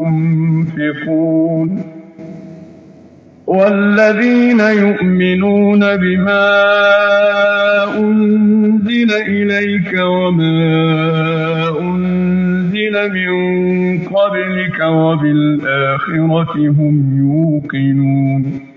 ينفقون والذين يؤمنون بما أنزل إليك وما أنزل من قبلك وبالآخرة هم يوقنون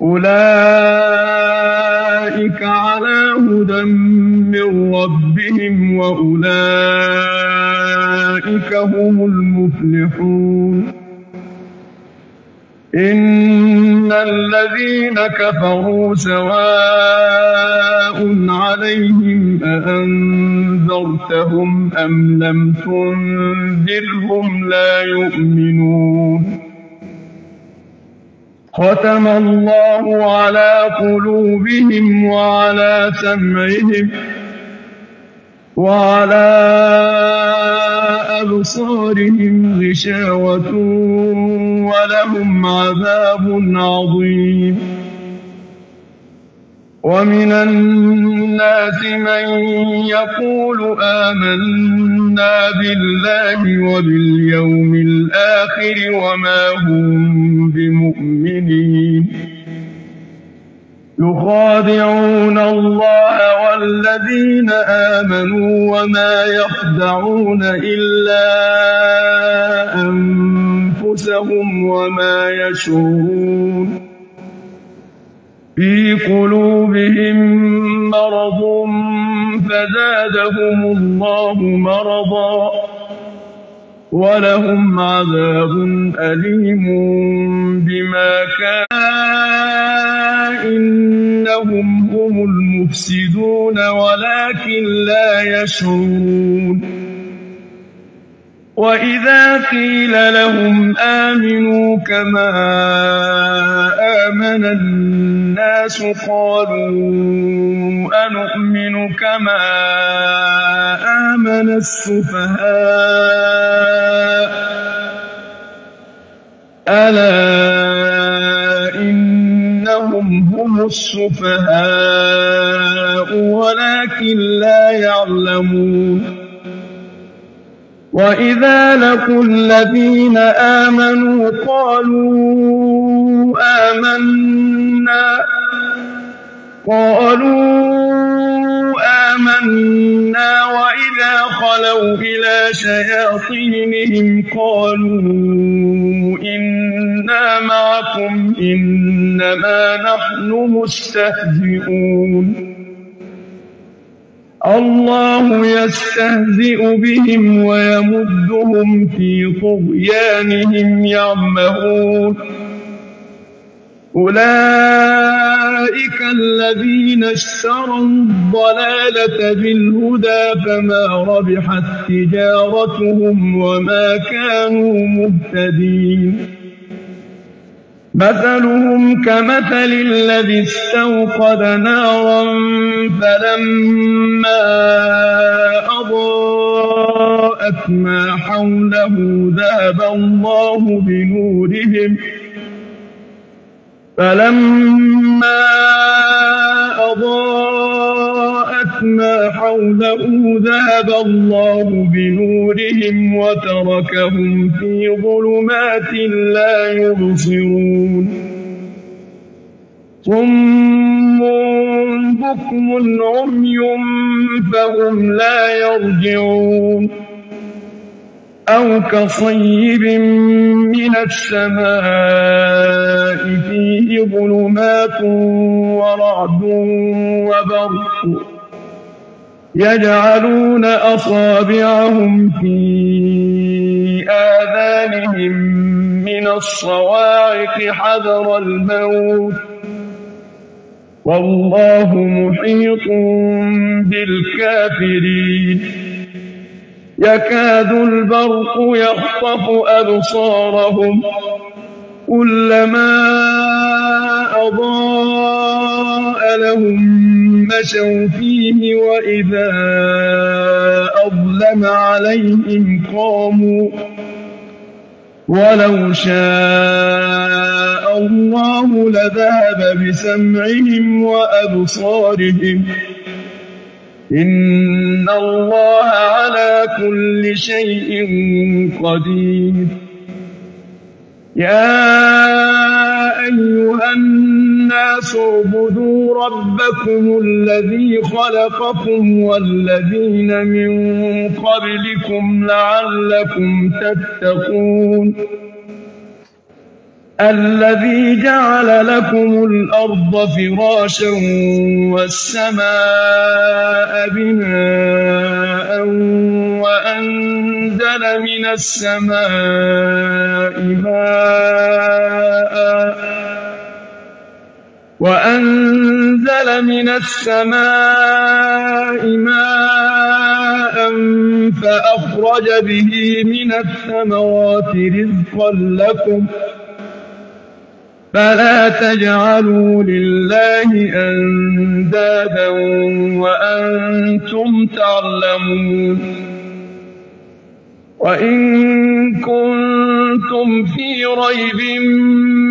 أولئك على هدى من ربهم وأولئك هم المفلحون إن الذين كفروا سواء عليهم أأنذرتهم أم لم تنذرهم لا يؤمنون ختم الله على قلوبهم وعلى سمعهم وعلى أبصارهم غشاوة ولهم عذاب عظيم ومن الناس من يقول آمنا بالله وباليوم الآخر وما هم بمؤمنين يخادعون الله والذين آمنوا وما يخدعون إلا أنفسهم وما يشعرون في قلوبهم مرض فزادهم الله مرضا ولهم عذاب أليم بما كان إنهم هم المفسدون ولكن لا يشعرون وإذا قيل لهم آمنوا كما آمن الناس قالوا أنؤمن كما آمن السفهاء ألا إنهم هم السفهاء ولكن لا يعلمون وإذا لقوا الذين آمنوا قالوا آمنا قالوا آمنا وإذا خلوا إلى شياطينهم قالوا إنا معكم إنما نحن مستهزئون الله يستهزئ بهم ويمدهم في طغيانهم يعمهون أولئك الذين اشتروا الضلالة بالهدى فما ربحت تجارتهم وما كانوا مهتدين مثلهم كمثل الذي استوقد نارا فلما أضاءت ما حوله ذهب الله بنورهم فلما أضاءت لوله ذهب الله بنورهم وتركهم في ظلمات لا يبصرون صم بكم عمي فهم لا يرجعون أو كصيب من السماء فيه ظلمات ورعد وبرق يجعلون أصابعهم في آذانهم من الصواعق حذر الموت والله محيط بالكافرين يكاد البرق يخطف أبصارهم كلما أضاء لهم مشوا فيه وإذا أظلم عليهم قاموا ولو شاء الله لذهب بسمعهم وأبصارهم إن الله على كل شيء قدير يا أيها الناس اعبدوا ربكم الذي خلقكم والذين من قبلكم لعلكم تتقون الذي جعل لكم الأرض فراشا والسماء بناء وأنزل من السماء ماء وأنزل من السماء ماء فأخرج به من الثمرات رزقا لكم ۖ فلا تجعلوا لله أندادا وأنتم تعلمون وإن كنتم في ريب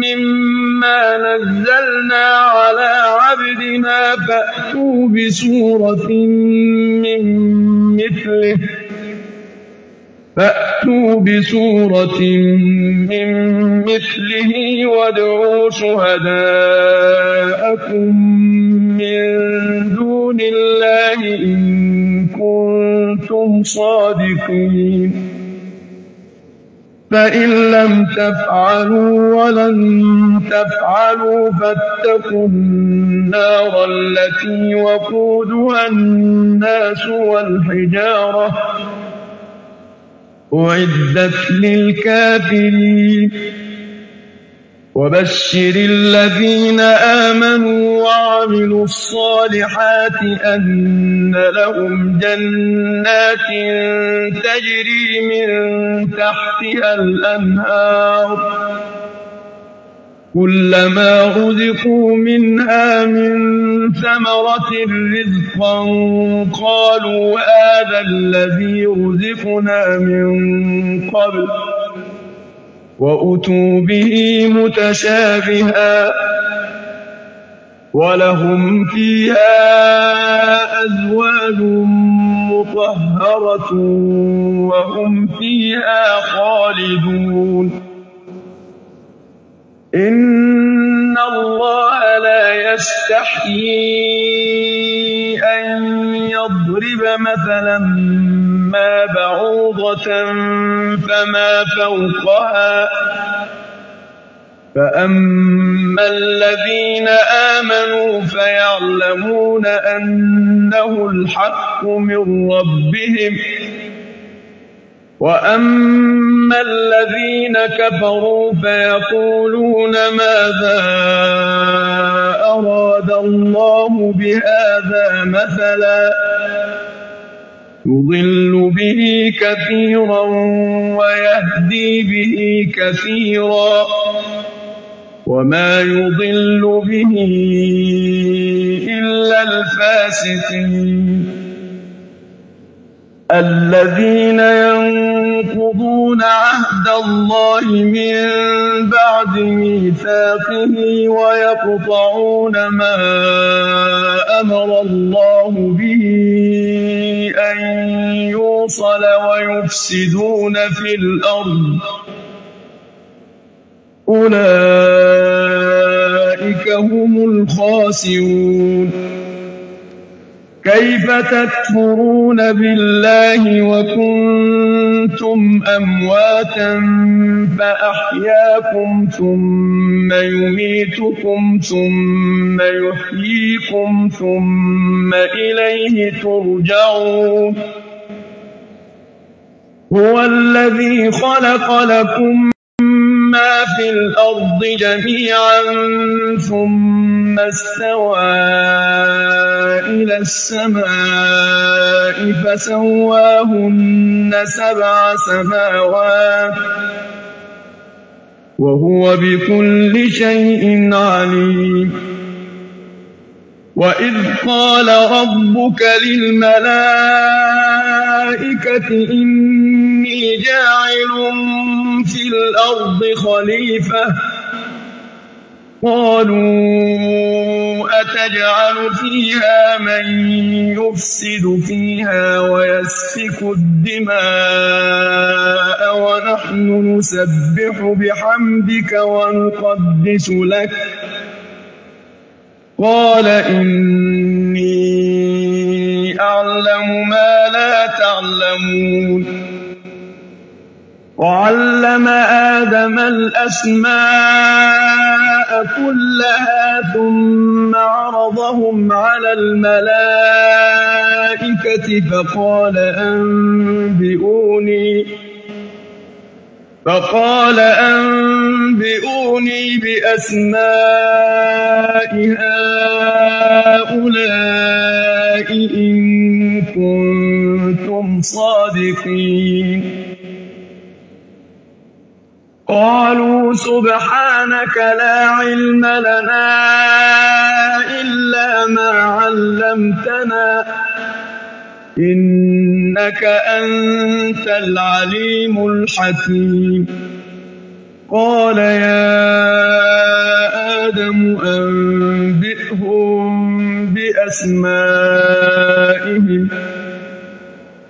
مما نزلنا على عبدنا فأتوا بسورة من مثله فأتوا بسورة من مثله وادعوا شهداءكم من دون الله إن كنتم صادقين فإن لم تفعلوا ولن تفعلوا فاتقوا النار التي وقودها الناس والحجارة أعدت للكافرين وبشر الذين آمنوا وعملوا الصالحات أن لهم جنات تجري من تحتها الأنهار كلما رزقوا منها من ثمرة رزقا قالوا هذا الذي رزقنا من قبل وأتوا به متشابها ولهم فيها أزواج مطهرة وهم فيها خالدون إن الله لا يستحيي أن يضرب مثلا ما بعوضة فما فوقها فأما الذين آمنوا فيعلمون أنه الحق من ربهم وأما الذين كفروا فيقولون ماذا أراد الله بهذا مثلا يضل به كثيرا ويهدي به كثيرا وما يضل به إلا الفاسقين الذين ينقضون عهد الله من بعد ميثاقه ويقطعون ما أمر الله به أن يوصل ويفسدون في الأرض أولئك هم الخاسرون كيف تكفرون بالله وكنتم أمواتا فأحياكم ثم يميتكم ثم يحييكم ثم إليه ترجعون هو الذي خلق لكم ما في الأرض جميعا ثم استوى إلى السماء فسواهن سبع سماوات وهو بكل شيء عليم وإذ قال ربك للملائكة الملائكة إني جاعل في الأرض خليفة قالوا أتجعل فيها من يفسد فيها ويسفك الدماء ونحن نسبح بحمدك ونقدس لك قال إني أعلم ما لا تعلمون وعلم آدم الأسماء كلها ثم عرضهم على الملائكة فقال أنبئوني فقال أنبئوني بأسماء هؤلاء إن كنتم صادقين قالوا سبحانك لا علم لنا إلا ما علمتنا إنك أنت العليم الحكيم قال يا آدم أنبئهم بأسمائهم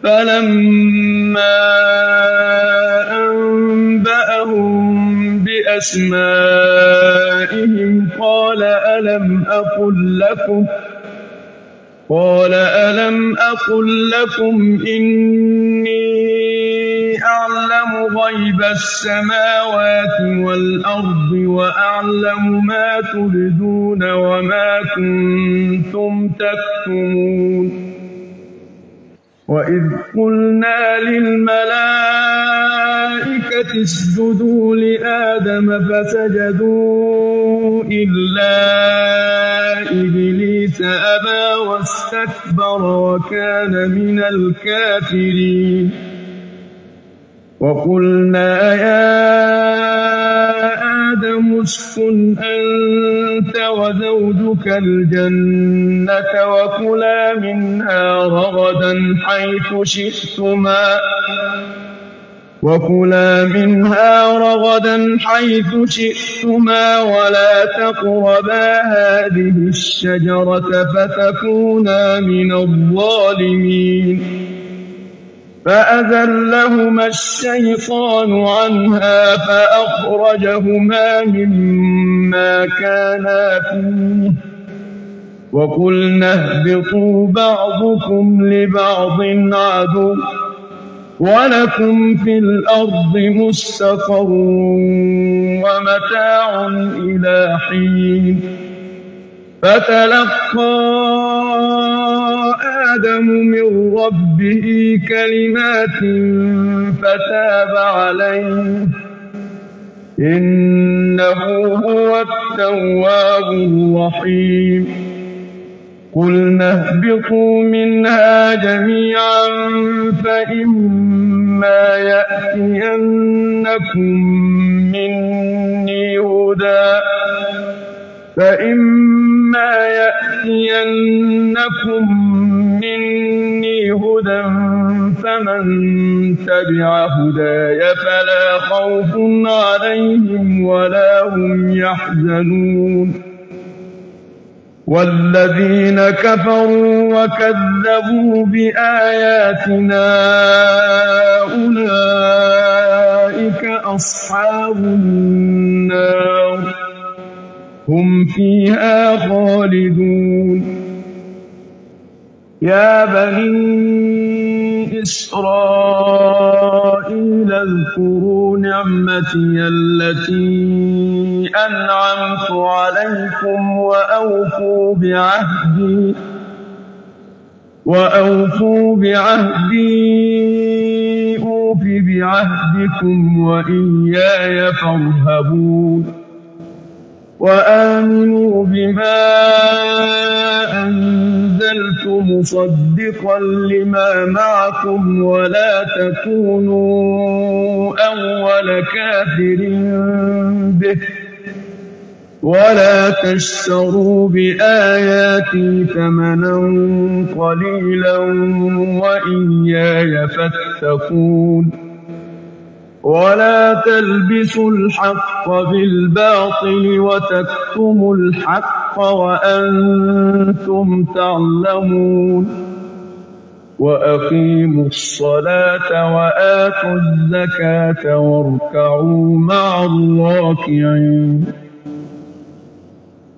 فلما أنبأهم بأسمائهم قال ألم أقل لكم ؟ قال ألم أقل لكم إني أعلم غيب السماوات والأرض وأعلم ما تبدون وما كنتم تكتمون وإذ قلنا للملائكة الملائكة اسجدوا لآدم فسجدوا إلا إبليس أبى واستكبر وكان من الكافرين وقلنا يا آدم اسكن أنت وزوجك الجنة وكلا منها رغدا حيث شئتما وكلا منها رغدا حيث شئتما ولا تقربا هذه الشجرة فتكونا من الظالمين فأذلهما الشيطان عنها فأخرجهما مما كانا فيه وقلنا اهبطوا بعضكم لبعض عدو ولكم في الأرض مستقر ومتاع إلى حين فتلقى آدم من ربه كلمات فتاب عليه إنه هو التواب الرحيم قلنا اهبطوا منها جميعا فإما يأتينكم مني هدى فإما يأتينكم مني هدى فمن تبع هداي فلا خوف عليهم ولا هم يحزنون والذين كفروا وكذبوا بآياتنا أولئك أصحاب النار هم فيها خالدون يا بني إسرائيل اذكروا نعمتي التي أنعمت عليكم وأوفوا بعهدي وأوفوا بعهدي أوف بعهدكم وإياي فارهبون وآمنوا بما أنزلت مصدقا لما معكم ولا تكونوا أول كافر به ولا تشتروا بآياتي ثمنا قليلا وإياي فاتقون ولا تلبسوا الحق بالباطل وتكتموا الحق وأنتم تعلمون وأقيموا الصلاة وآتوا الزكاة واركعوا مع الراكعين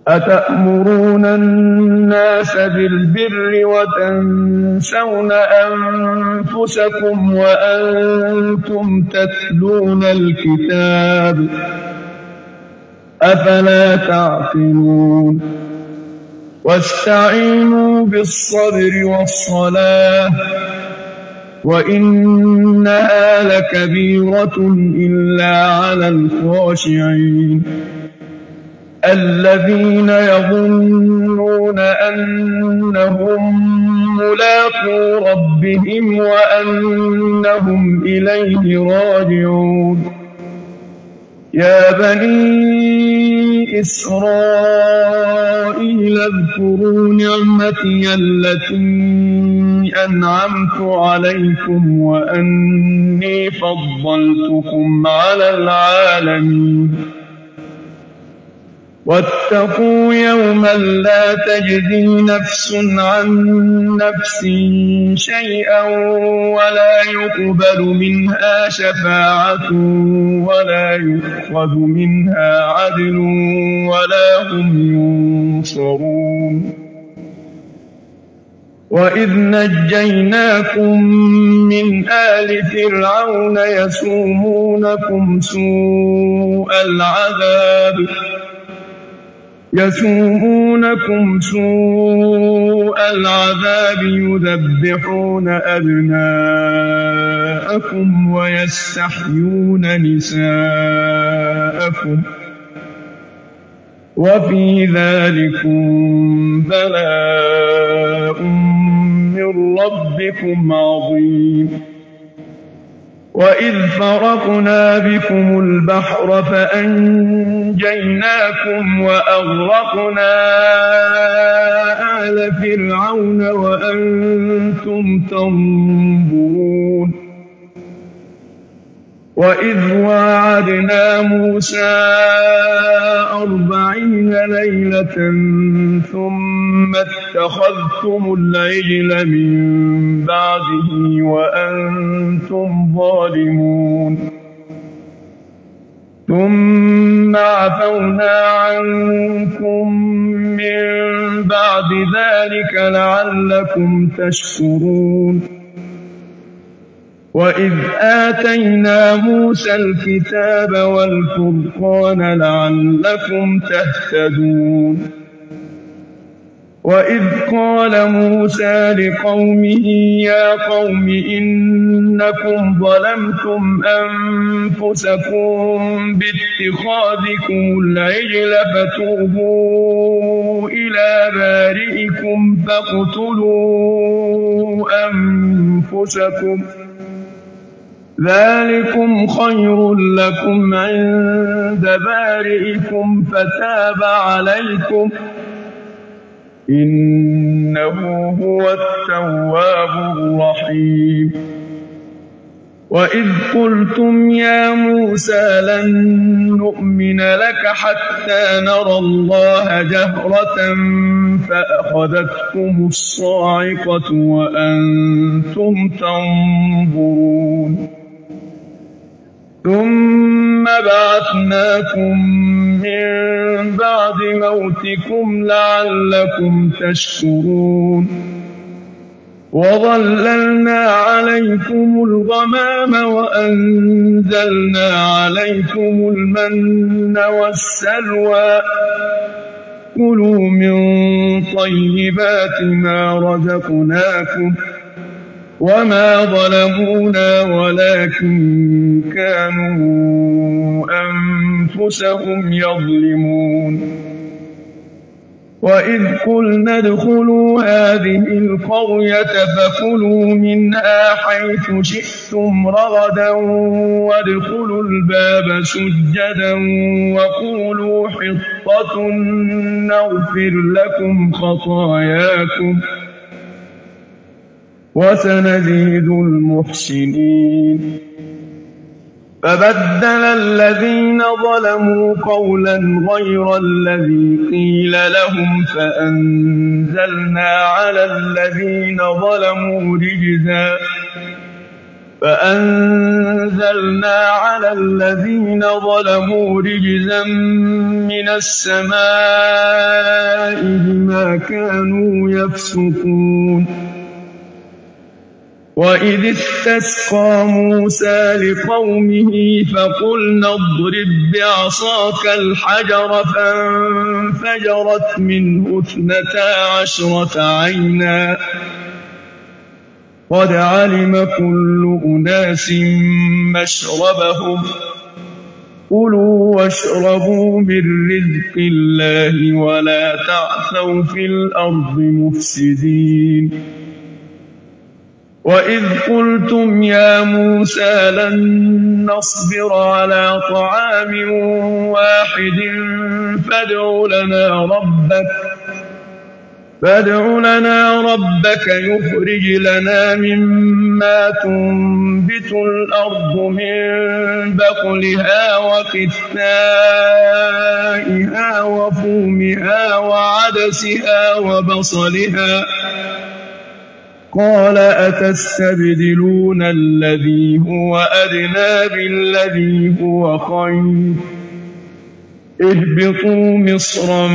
أتأمرون الناس بالبر وتنسون أنفسكم وأنتم تتلون الكتاب أفلا تعقلون واستعينوا بالصبر والصلاة وإنها لكبيرة إلا على الخاشعين الذين يظنون أنهم ملاقو ربهم وأنهم إليه راجعون يا بني إسرائيل اذكروا نعمتي التي أنعمت عليكم وأني فضلتكم على العالمين واتقوا يوما لا تجزي نفس عن نفس شيئا ولا يقبل منها شفاعة ولا يؤخذ منها عدل ولا هم ينصرون وإذ نجيناكم من آل فرعون يسومونكم سوء العذاب يسومونكم سوء العذاب يذبحون أبناءكم ويستحيون نساءكم وفي ذلكم بلاء من ربكم عظيم وإذ فرقنا بكم البحر فأنجيناكم وأغرقنا آل فرعون وأنتم تنظرون وإذ واعدنا موسى أربعين ليلة ثم اتخذتم العجل من بعده وأنتم ظالمون ثم عفونا عنكم من بعد ذلك لعلكم تشكرون وإذ آتينا موسى الكتاب والفرقان لعلكم تهتدون وإذ قال موسى لقومه يا قوم إنكم ظلمتم أنفسكم باتخاذكم العجل فتوبوا إلى بارئكم فاقتلوا أنفسكم ۖ ذلكم خير لكم عند بارئكم فتاب عليكم إنه هو التواب الرحيم وإذ قلتم يا موسى لن نؤمن لك حتى نرى الله جهرة فأخذتكم الصاعقة وأنتم تنظرون ثم بعثناكم من بعد موتكم لعلكم تشكرون وظللنا عليكم الغمام وأنزلنا عليكم المن والسلوى كلوا من طيبات ما رزقناكم وما ظلمونا ولكن كانوا أنفسهم يظلمون وإذ قلنا ادخلوا هذه القرية فكلوا منها حيث شئتم رغدا وادخلوا الباب سجدا وقولوا حطة نغفر لكم خطاياكم ۖ وسنزيد المحسنين فبدل الذين ظلموا قولا غير الذي قيل لهم فأنزلنا على الذين ظلموا رجزا فأنزلنا على الذين ظلموا رجزا من السماء بما كانوا يفسقون وإذ استسقى موسى لقومه فقلنا اضرب بعصاك الحجر فانفجرت منه اثنتا عشرة عينا قد علم كل أناس مشربهم كلوا واشربوا من رزق الله ولا تعثوا في الأرض مفسدين وإذ قلتم يا موسى لن نصبر على طعام واحد فادع لنا ربك فادع لنا ربك يخرج لنا مما تنبت الأرض من بقلها وقثائها وفومها وعدسها وبصلها قال أتستبدلون الذي هو أدنى بالذي هو خير اهبطوا مصرا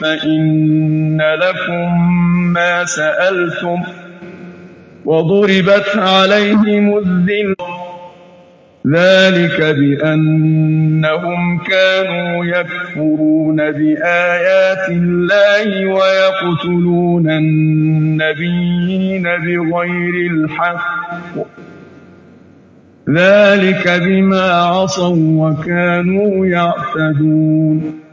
فإن لكم ما سألتم وضربت عليهم الذلة ذلك بأنهم كانوا يكفرون بآيات الله ويقتلون النبيين بغير الحق ذلك بما عصوا وكانوا يعتدون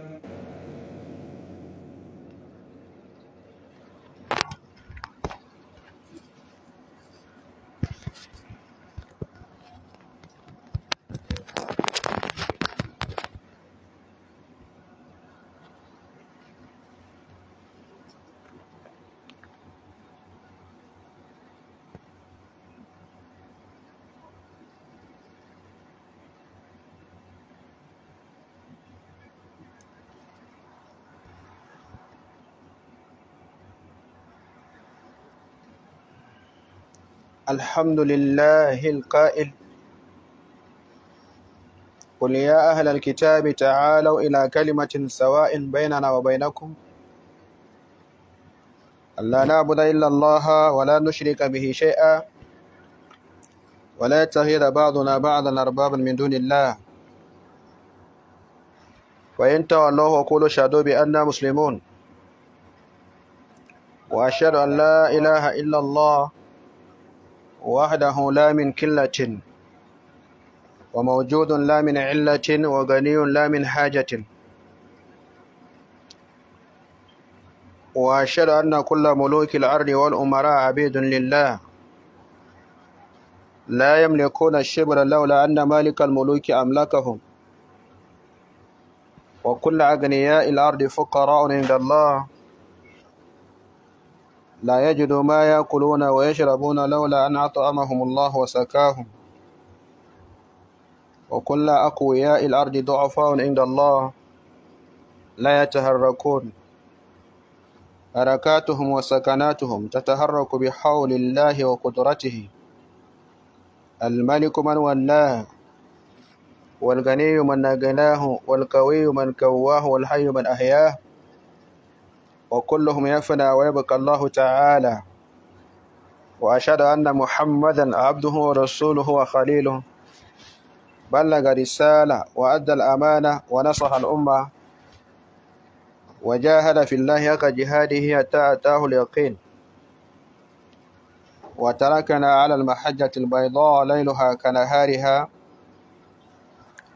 الحمد لله القائل قل يا أهل الكتاب تعالوا إلى كلمة سواء بيننا وبينكم لا نعبد إلا الله ولا نشرك به شيئا ولا يتخذ بعضنا بعضا أربابا من دون الله وإن تولوه وقولوا شهدوا بأننا مسلمون وأشهد أن لا إله إلا الله وحده لا من كلة وموجود لا من علة وغني لا من حاجة وأشهد أن كل ملوك الأرض والأمراء عبيد لله لا يملكون الشبر لولا أن مالك الملوك أملكهم وكل أغنياء الأرض فقراء عند الله لا يجدوا ما يأكلون ويشربون لولا أن أطعمهم الله وسكاهم وكل أقوياء الأرض ضعفاء عند الله لا يتحركون حركاتهم وسكناتهم تتحرك بحول الله وقدرته الملك من ولاه والغني من أغناه والقوي من كواه والحي من أحياه وكلهم يفنى ويبقى الله تعالى وأشهد أن محمدا عبده ورسوله وخليله بلغ رسالة وأدى الأمانة ونصح الأمة وجاهد في الله حق جهاده حتى أتاه اليقين وتركنا على المحجة البيضاء ليلها كنهارها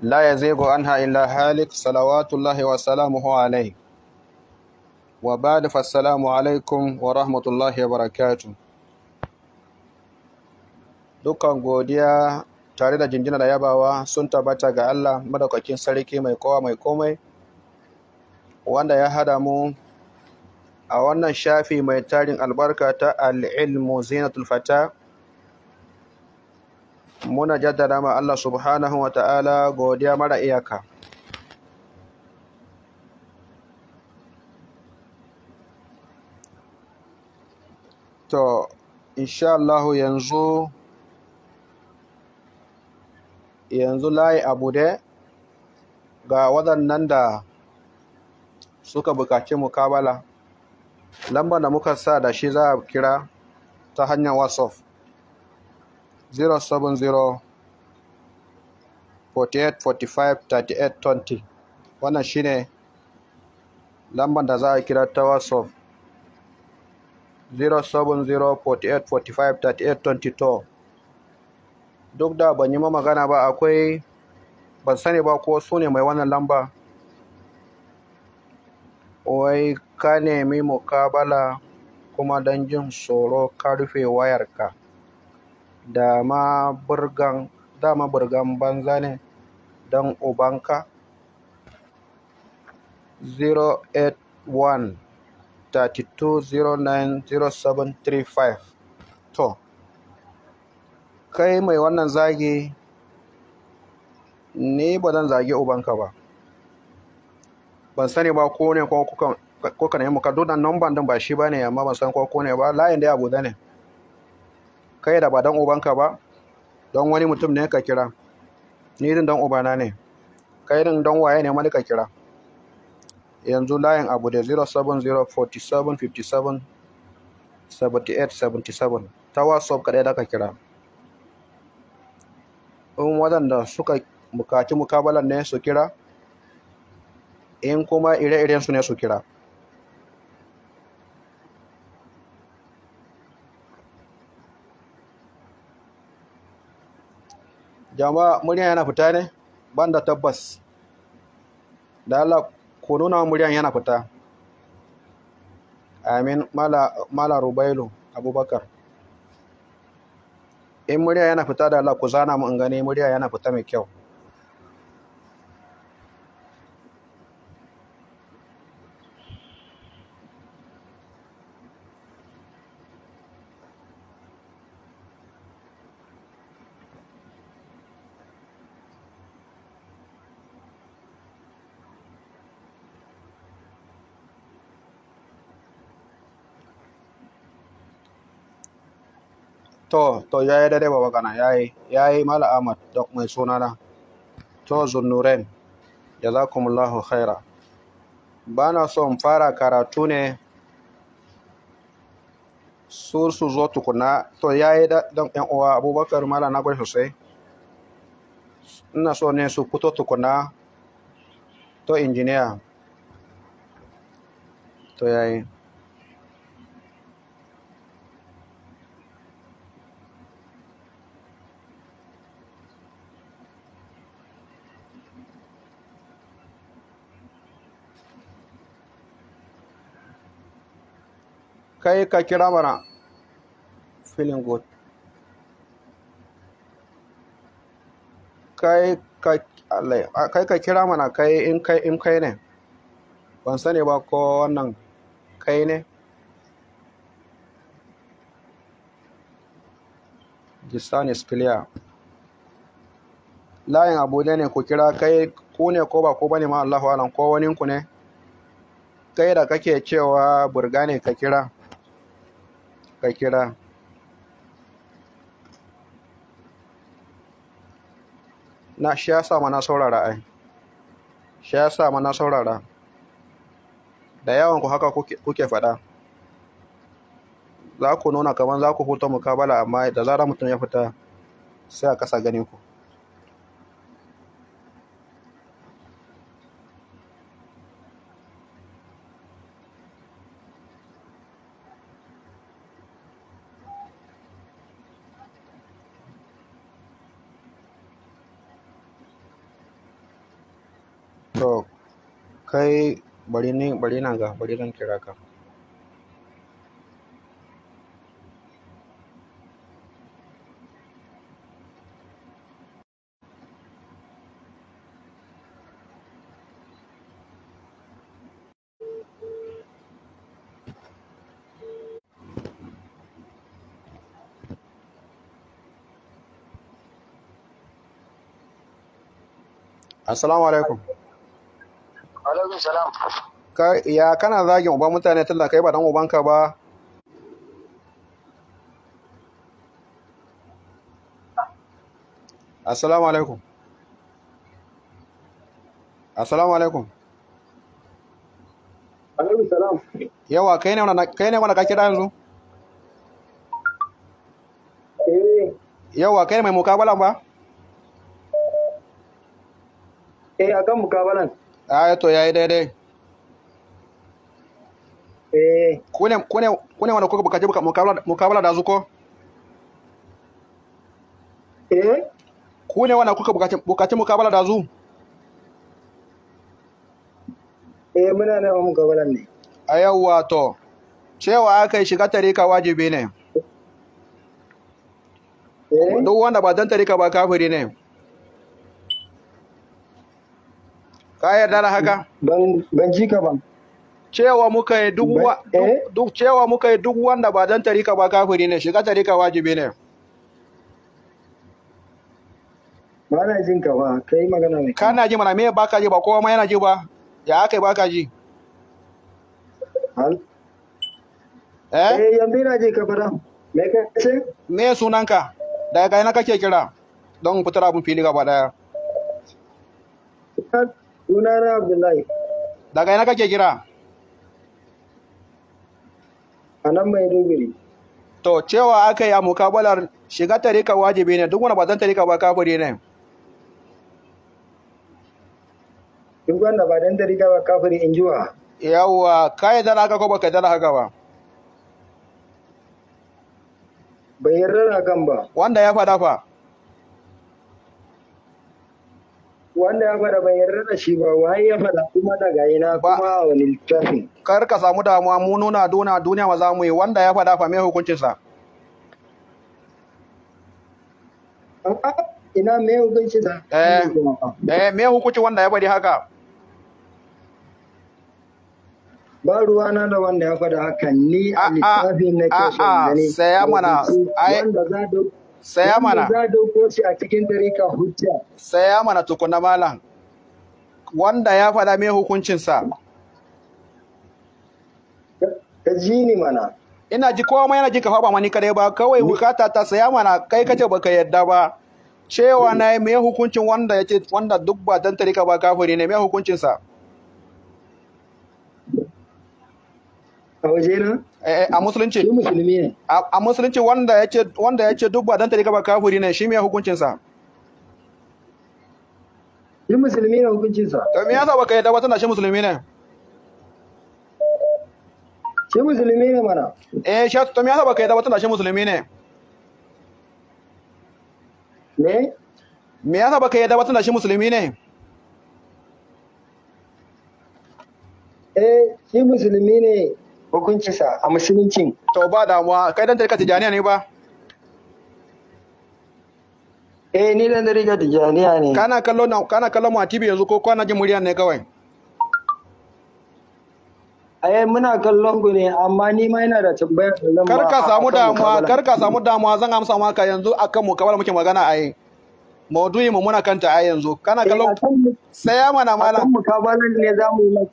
لا يزيغ عنها إلا هالك صلوات الله وسلامه عليه wa ba'da fassalamu alaikum wa rahmatullahi wa barakatu dukkan godiya tare da jinjina da yabawa sun tabbata ga Allah madaukakin sarki mai kowa mai komai wanda ya hada mu a wannan shafi mai tarin albarka ta al'ilmu zinatul fata muna jaddada ma Allah subhanahu wa ta'ala godiya mara iyaka to insha Allah yanzu yanzu layi abu da ga waɗannan da suka buƙaci mukabala lambar da muka sa da shi za a kira ta hanyar whatsapp 070 48 45 38 20 wannan shine lambar da za a kira ta whatsapp 07048453822 duk da ban yi ma magana ba akwai ban sani ba ko su ne mai wannan lamba wai ka nemi mukabala kuma don jin tsoro ka rufe wayarka da burgan dama burgan banza ne don ubanka 081 32090735 to kai mai wannan zagi ni ba zan zagi ubanka ba ban sani ba ko ne ko kuka ne nemi ka dudan numban din ba shi ba ne amma ban san ko ko ne ba layin da ya guda ne kai da ba dan ubanka ba don wani mutum ne ka kira ni din dan ubana ne kai din dan waye ne malika kira yanzu layin abu da 0704757 ta whatsapp kaɗai da ka kira in waɗanda suka bukaci mukabalan ne su kira in kuma ire-iren su ne su kira jama'a murya yana fita ne ban da tabbas da Allah ko nuna muryan yana fita amin mala rubailu abubakar in murya yana fita da Allah ku zana mu in gani murya yana fita mai kyau to to yayi daidai baba kana ya yi mala ahmad da mai sunana to zunnuren jazakumullahu khaira ba na so in fara karatu ne su su zo tukuna to ya yi dan yan uwa abubakar mala na gwai sosai ina so ne su fito tukuna to injiniya to ya yi. kai ka kira mana feeling good kai ka kai ka kira mana kai in kai in kai ne ban sani ba ko wannan kai ne Gistan is clear layin abuja ne ku kira kai ku ne ko ba ku bane ma Allahu alam ko wani ku ne kai da kake cewa burga ne ka kira ka kira na shi ya sa mana saurara ai shi ya sa mana saurara da yawan ku haka kuke faɗa za ku nuna kamar za ku huta mukabala amma da zarar mutum ya fita sai a kasa ganin ku बड़ी बड़ी आहे बड़ी रंग खेड़ा का अस्सलाम वालेकुम salam ya kana zagin uban mutane tunda kai ba dan ubanka ba assalamu alaikum assalamu alaikum alaikum salam yawa kai ne wanda kai ne wanda ka kira yanzu eh. yawa kai mai mukabalan ba eh a akan mukabalan Ah, a to yayi daidai eh kune kune kune wanda kuka bukaci mukabala da zuko eh kune wanda kuka bukaci bukaci mukabala da zu eh muna nan mukabalan ne a ah, yawa to cewa aka yi shiga tarika wajibi ne eh? duk wanda ba dan tarika ba kafiri ne Ka yarda da haka? Ban ji ka ba. Cewa muka yi duk eh? duk cewa muka yi duk wanda ba dan tarika ba kafiri ne shiga tarika wajibi ne. Ba na jin ka ba, kai magana ne. Kana ji mana me ba ka ji ba kowa ma yana ji ba. Ya aka ba ka ji? Eh? Eh yanzu ina ji ka fara. Me ka ce? Me sunanka? Daga ina kake kira? Don fitar abun fili gaba daya. Sunana Abdullahi. Daga ina kake kira? A nan mai dubiri To, cewa aka yi a mukabalar shiga tarika wajibi ne, duk wani ba tarika ba kafiri ne. Duk wanda ba tarika ba kafiri in jiwa. Yawwa, ka yi dara haka ko ba ka dara haka ba? Bai yarda hakan ba. Wanda ya faɗa fa? wanda ya faɗa bai yarda da shi ba wa ya faɗa kuma daga ina kuma a wani littafin kar ka samu damuwa mu nuna dona duniya ma za mu yi wanda ya fada fa me hukuncin sa ina me hukuncin sa eh eh me hukuncin wanda ya faɗi haka ba ruwa na da wanda ya fada haka ni a littafin na ke shi ne saya mana wanda za saya mana za dauko a cikin hujja saya mana tukuna malam wanda ya faɗa mai hukuncinsa ka ji ni mana ina ji kowa ma yana ji kafa ba mani kadai ba kawai bukata ta saya mana kai kace baka yadda ba cewa na mai hukuncin wanda yace wanda duk ba dan tarika ba kafiri ne mai hukuncinsa sa a wajena eh, eh, a musulunci a musulunci wanda ya wanda yace duk ba dan tarika ba kafiri ne shi me hukuncin sa shi musulmi ne hukuncin sa to me yasa baka yadda ba tana shi musulmi ne shi musulmi ne mana eh shi to me yasa baka yadda ba tana shi musulmi ne me me yasa baka yadda ba tana shi musulmi ne eh shi musulmi ne sa a musulunci to ba damuwa kai dan tarika tijaniya ne ba eh ni dan tarika tijaniya ne kana kallo na kana kallo mu a TV yanzu ko kana jin murya ne kawai eh muna kallon ku ne amma ni ma ina da tambayar da kar ka samu damuwa kar ka samu damuwa zan amsa maka yanzu akan mu kawai muke magana a yi maudu'i mu muna kanta a yanzu kana eh, kallon ya mana malam mu kabalan ne zamu yi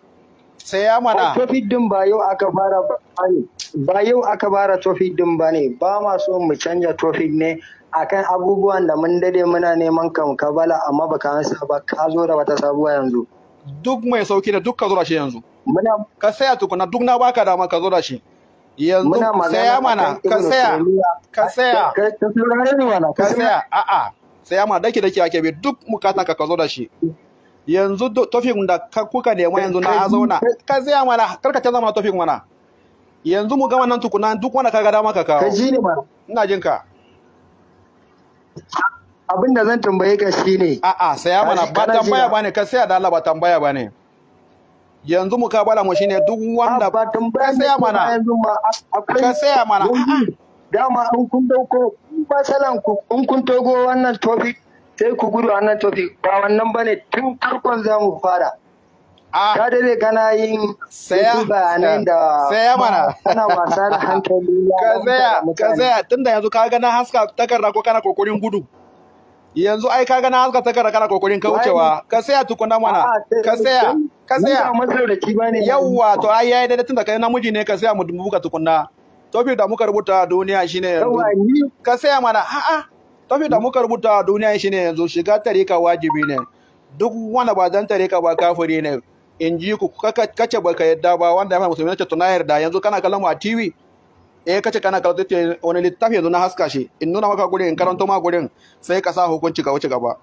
ya mana topic din ba yau aka fara ba yau aka fara topic din ba ne ba ma so mu canja topic ne akan abubuwan da mun dade muna neman kam kabala amma baka ansa ba ka zo da wata sabuwa yanzu duk mai sauki da duk ka zo da shi yanzu muna ka saya tukuna duk na baka dama ka zo da shi yanzu saya mana ka saya ka saya ka saya a'a saya mana dake dake ake bi duk mukatan ka ka zo da shi yanzu tofin da kuka nema yanzu na zauna ka tsaya mana karka canza mana tofin mana yanzu mu gama nan tukuna duk wanda ka ga dama ka kawo Kaji ne, ma. ina jin ka Abinda zan tambaye ka shine a'a saya mana ba tambaya bane ka saya da Allah ba tambaya bane yanzu mu kabala mu shine duk wanda ba tambaya saya mana ka saya mana dama in kun dauko ba salan ku in kun togo wannan tofin sai ku gudu wannan tofi, ba wannan ba ne tun farkon za mu fara ah. ka dade kana yin saya bayanai da saya mana kana wasa da hankali ka saya ka saya tunda yanzu ka ga na haska takarda ko kana kokarin gudu yanzu ai ka na haska takarda kana kokarin kaucewa ka saya tukuna mana ka saya, ka saya yawa to ai yayi da tunda kai namiji ne ka saya mu buka tukuna tofi da muka rubuta duniya shine ka saya mana ha'a. tafi da muka rubuta duniya shi ne yanzu shiga tarika wajibi ne duk wanda ba zan tarika ba kafiri ne in ji ku kace baka yadda ba wanda ya musulmi ce tuna yarda yanzu kana kallon mu a TV eh kace kana kallon ta wani littafi yanzu na haska shi in nuna maka gurin in karanto ma gurin sai ka sa hukunci ka wuce gaba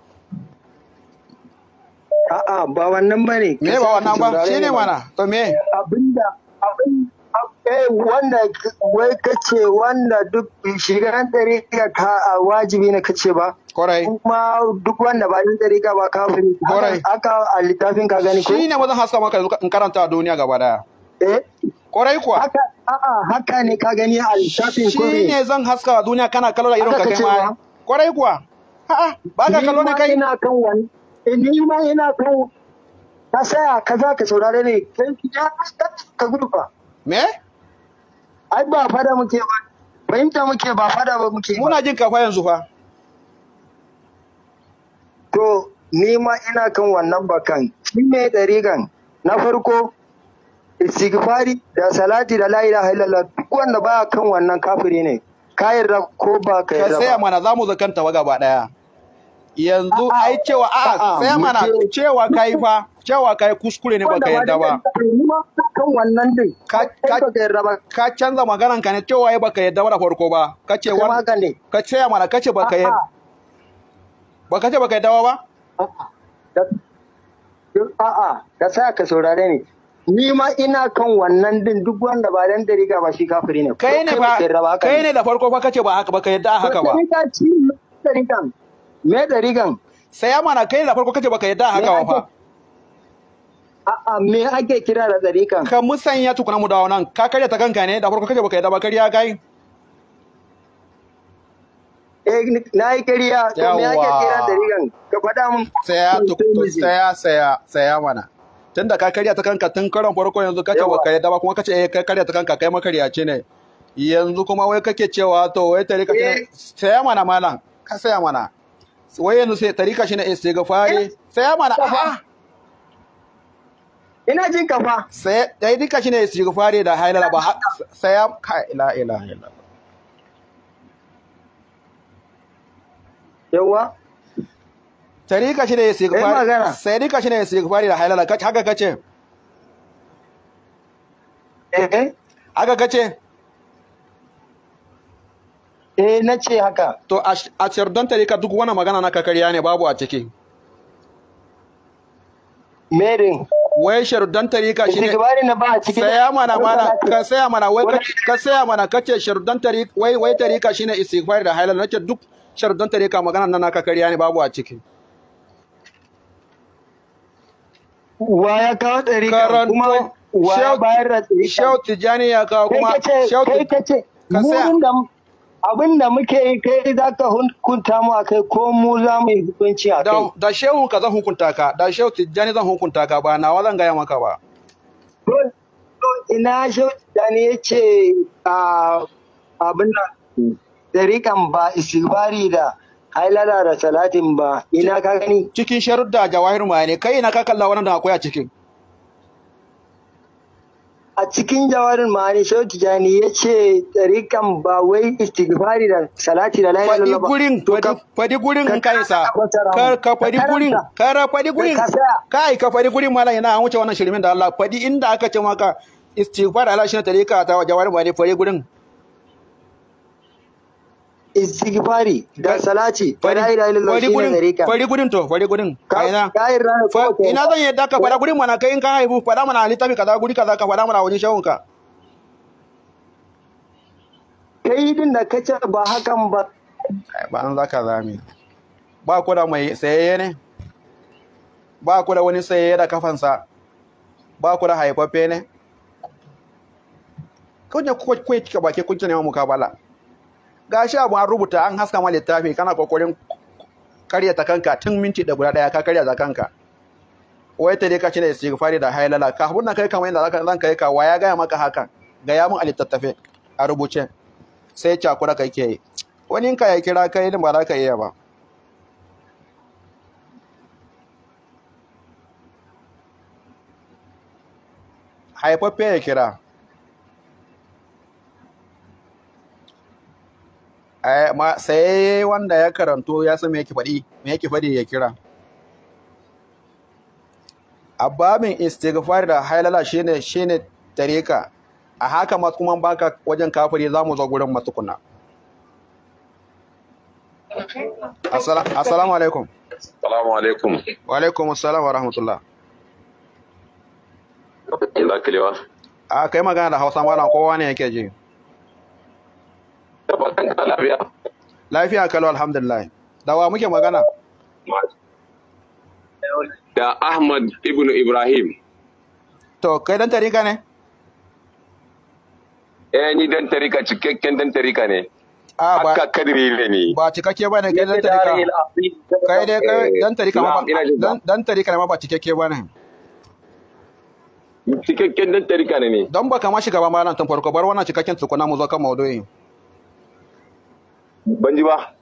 a'a ba wannan bane me ba wannan ba shine mana to me abinda abin kai wanda wai kace wanda duk shigan dariƙa ka wajibi ne kace ba Korai. kuma duk wanda ba yin dariƙa ba kafin Korai. aka a littafin ka gani ko ne wazan haska maka in karanta duniya gaba daya eh Korai kuwa haka a'a haka ne ka gani a littafin ko ne zan haska duniya kana kallon irin ka kai ma Korai kuwa a'a ba ka kallon ne kai ina kan wani eh, ni ma ina kan ka saya ka za ka saurare ne kai ki ka gudu fa me ai ba fada muke ba fahimta muke ba fada ba muke muna jin kwa yanzu fa to ni ma ina kan wannan bakan shi ne gan na farko istighfari da salati da la ilaha illallah duk wanda baya kan wannan kafiri ne ka yarda ko ba ka yarda ka tsaya mana zamu zakanta wa gaba daya yanzu ai cewa a sai mana cewa kai fa cewa kai kuskure ne baka yarda ba kan wannan din ka canza maganan ka ne cewa ai baka yarda ba da farko ba ka ce wannan ka ce mana ka ce baka yarda ka ce baka yarda ba a'a da sai ka saurare ni ni ma ina kan wannan din duk wanda ba dan dariga ba shi kafiri ne kai ne ba kai ne da farko ba ce ba haka ba ka yarda haka ba me da rigan saya mana kai da farko kace baka yadda haka wa fa A'a me ake kira da tsarikan? Ka musanya tukuna mu dawo nan, ka karya ta kanka ne, da farko kace baka yadda ba karya kai. Eh, na yi kariya to me ake kira da rigan ka faɗa mun saya to saya saya saya mana tunda ka karya ta kanka tun karon farko yanzu kace ba karya da ba kuma kace eh ka karya ta kanka kai makariya ce ne yanzu kuma wai kake cewa to wai ta rika eh. saya mana malam ka saya mana wai yanzu sai tarika shi na este eh, ga fare eh, ya mana a'a ina jin ka fa sai eh, dai dika shi ne su ga fare da hailala ba ya ka ila ila ila yawa tarika shi ne su ga fare sai dika shi ne su ga fare da hailala haka kace eh haka kace eh na ce haka to a cerdon ka duk wani magana na kakariya ne babu a ciki merin wai sharudan tarika shi ne saya mana mana ka saya mana wai ka saya mana kace sharudan tarika wai wai tarika shine istighfar da halal nake duk sharudan tarika magana nan naka kariya ne babu a ciki wa ya kawo tarika kuma wa ya bayar da tarika shau tijani ya kawo kuma shau kai kace mu da abin da muke yi kai za ka hukunta mu a kai ko mu za mu yi hukunci a kai. Da shehu ka zan hukunta ka, da shehu tijjani zan hukunta ka ba, nawa zan gaya maka ba. Ina shehu tijjani ya ce abin da dariƙan ba isibari da hailala da salatin ba, ina ka gani. Cikin sharudda jawahir ma ne, kai ina ka kalla wannan da akwai a cikin. a cikin jawarin ma'ani shehu tijani ya ce ɗarikan ba wai istighfari da salati da laila lalaba. ba gurin fadi gurin in kai sa ka fadi gurin ka fadi gurin kai ka fadi gurin malam yana an wuce wannan shirmin da Allah fadi inda aka ce maka istighfar Allah shi na tarika ta jawarin ma'ani fadi gurin istighfari da salati da la ilaha illallah shi ne gare ka fari gudun to fari gudun kaina ina zan yadda ka fara gudun mana kai in ka haihu fara mana littafi kaza guri kaza ka fara mana wani shawun ka kai din da kace ba hakan ba ba nan zaka zame ba ku da mai sayayye ne ba ku da wani sayayye da kafansa ba ku da haifaffe ne kawai kuka kuka baki kun ci neman mukabala ga shi abu an rubuta an haska ma littafi kana kokarin karyata kanka tun minti da guda daya ka karyata kanka wai ta dai ka cire istighfari da haylala ka abun nan kai kamar yadda zaka zan kai ka wa ya gaya maka hakan ga ya mun a littattafe a rubuce sai cakura kai ke wani ka ya kira kai din ba za ka iya ba haifaffe ya kira Eh, sai wanda ya karanto ya san me yake faɗi me yake faɗi ya kira ababin istighfar da halala shine shine tareka a haka ma kuma baka wajen kafiri zamu zo gurin matukuna assalamu alaikum assalamu alaikum wa alaikum assalam wa rahmatullah ina kalewa a kai magana da Hausa malam kowa ne yake ji lafiya kalu alhamdulillah Da wa muke magana da Ahmad Ibnu Ibrahim to kai dan tarika ne eh ni dan tarika cikakken dan tarika ne a ba kadiri ne ni ba cikakke ba ne kai dan tarika kai dai kai eh, dan tarika ma dan tarika ma ba cikakke ba ne cikakken dan tarika ne ne don ba ma shiga ba malam tun farko bar wannan cikakken tsukuna mu zo kan maudu'in ban ji ba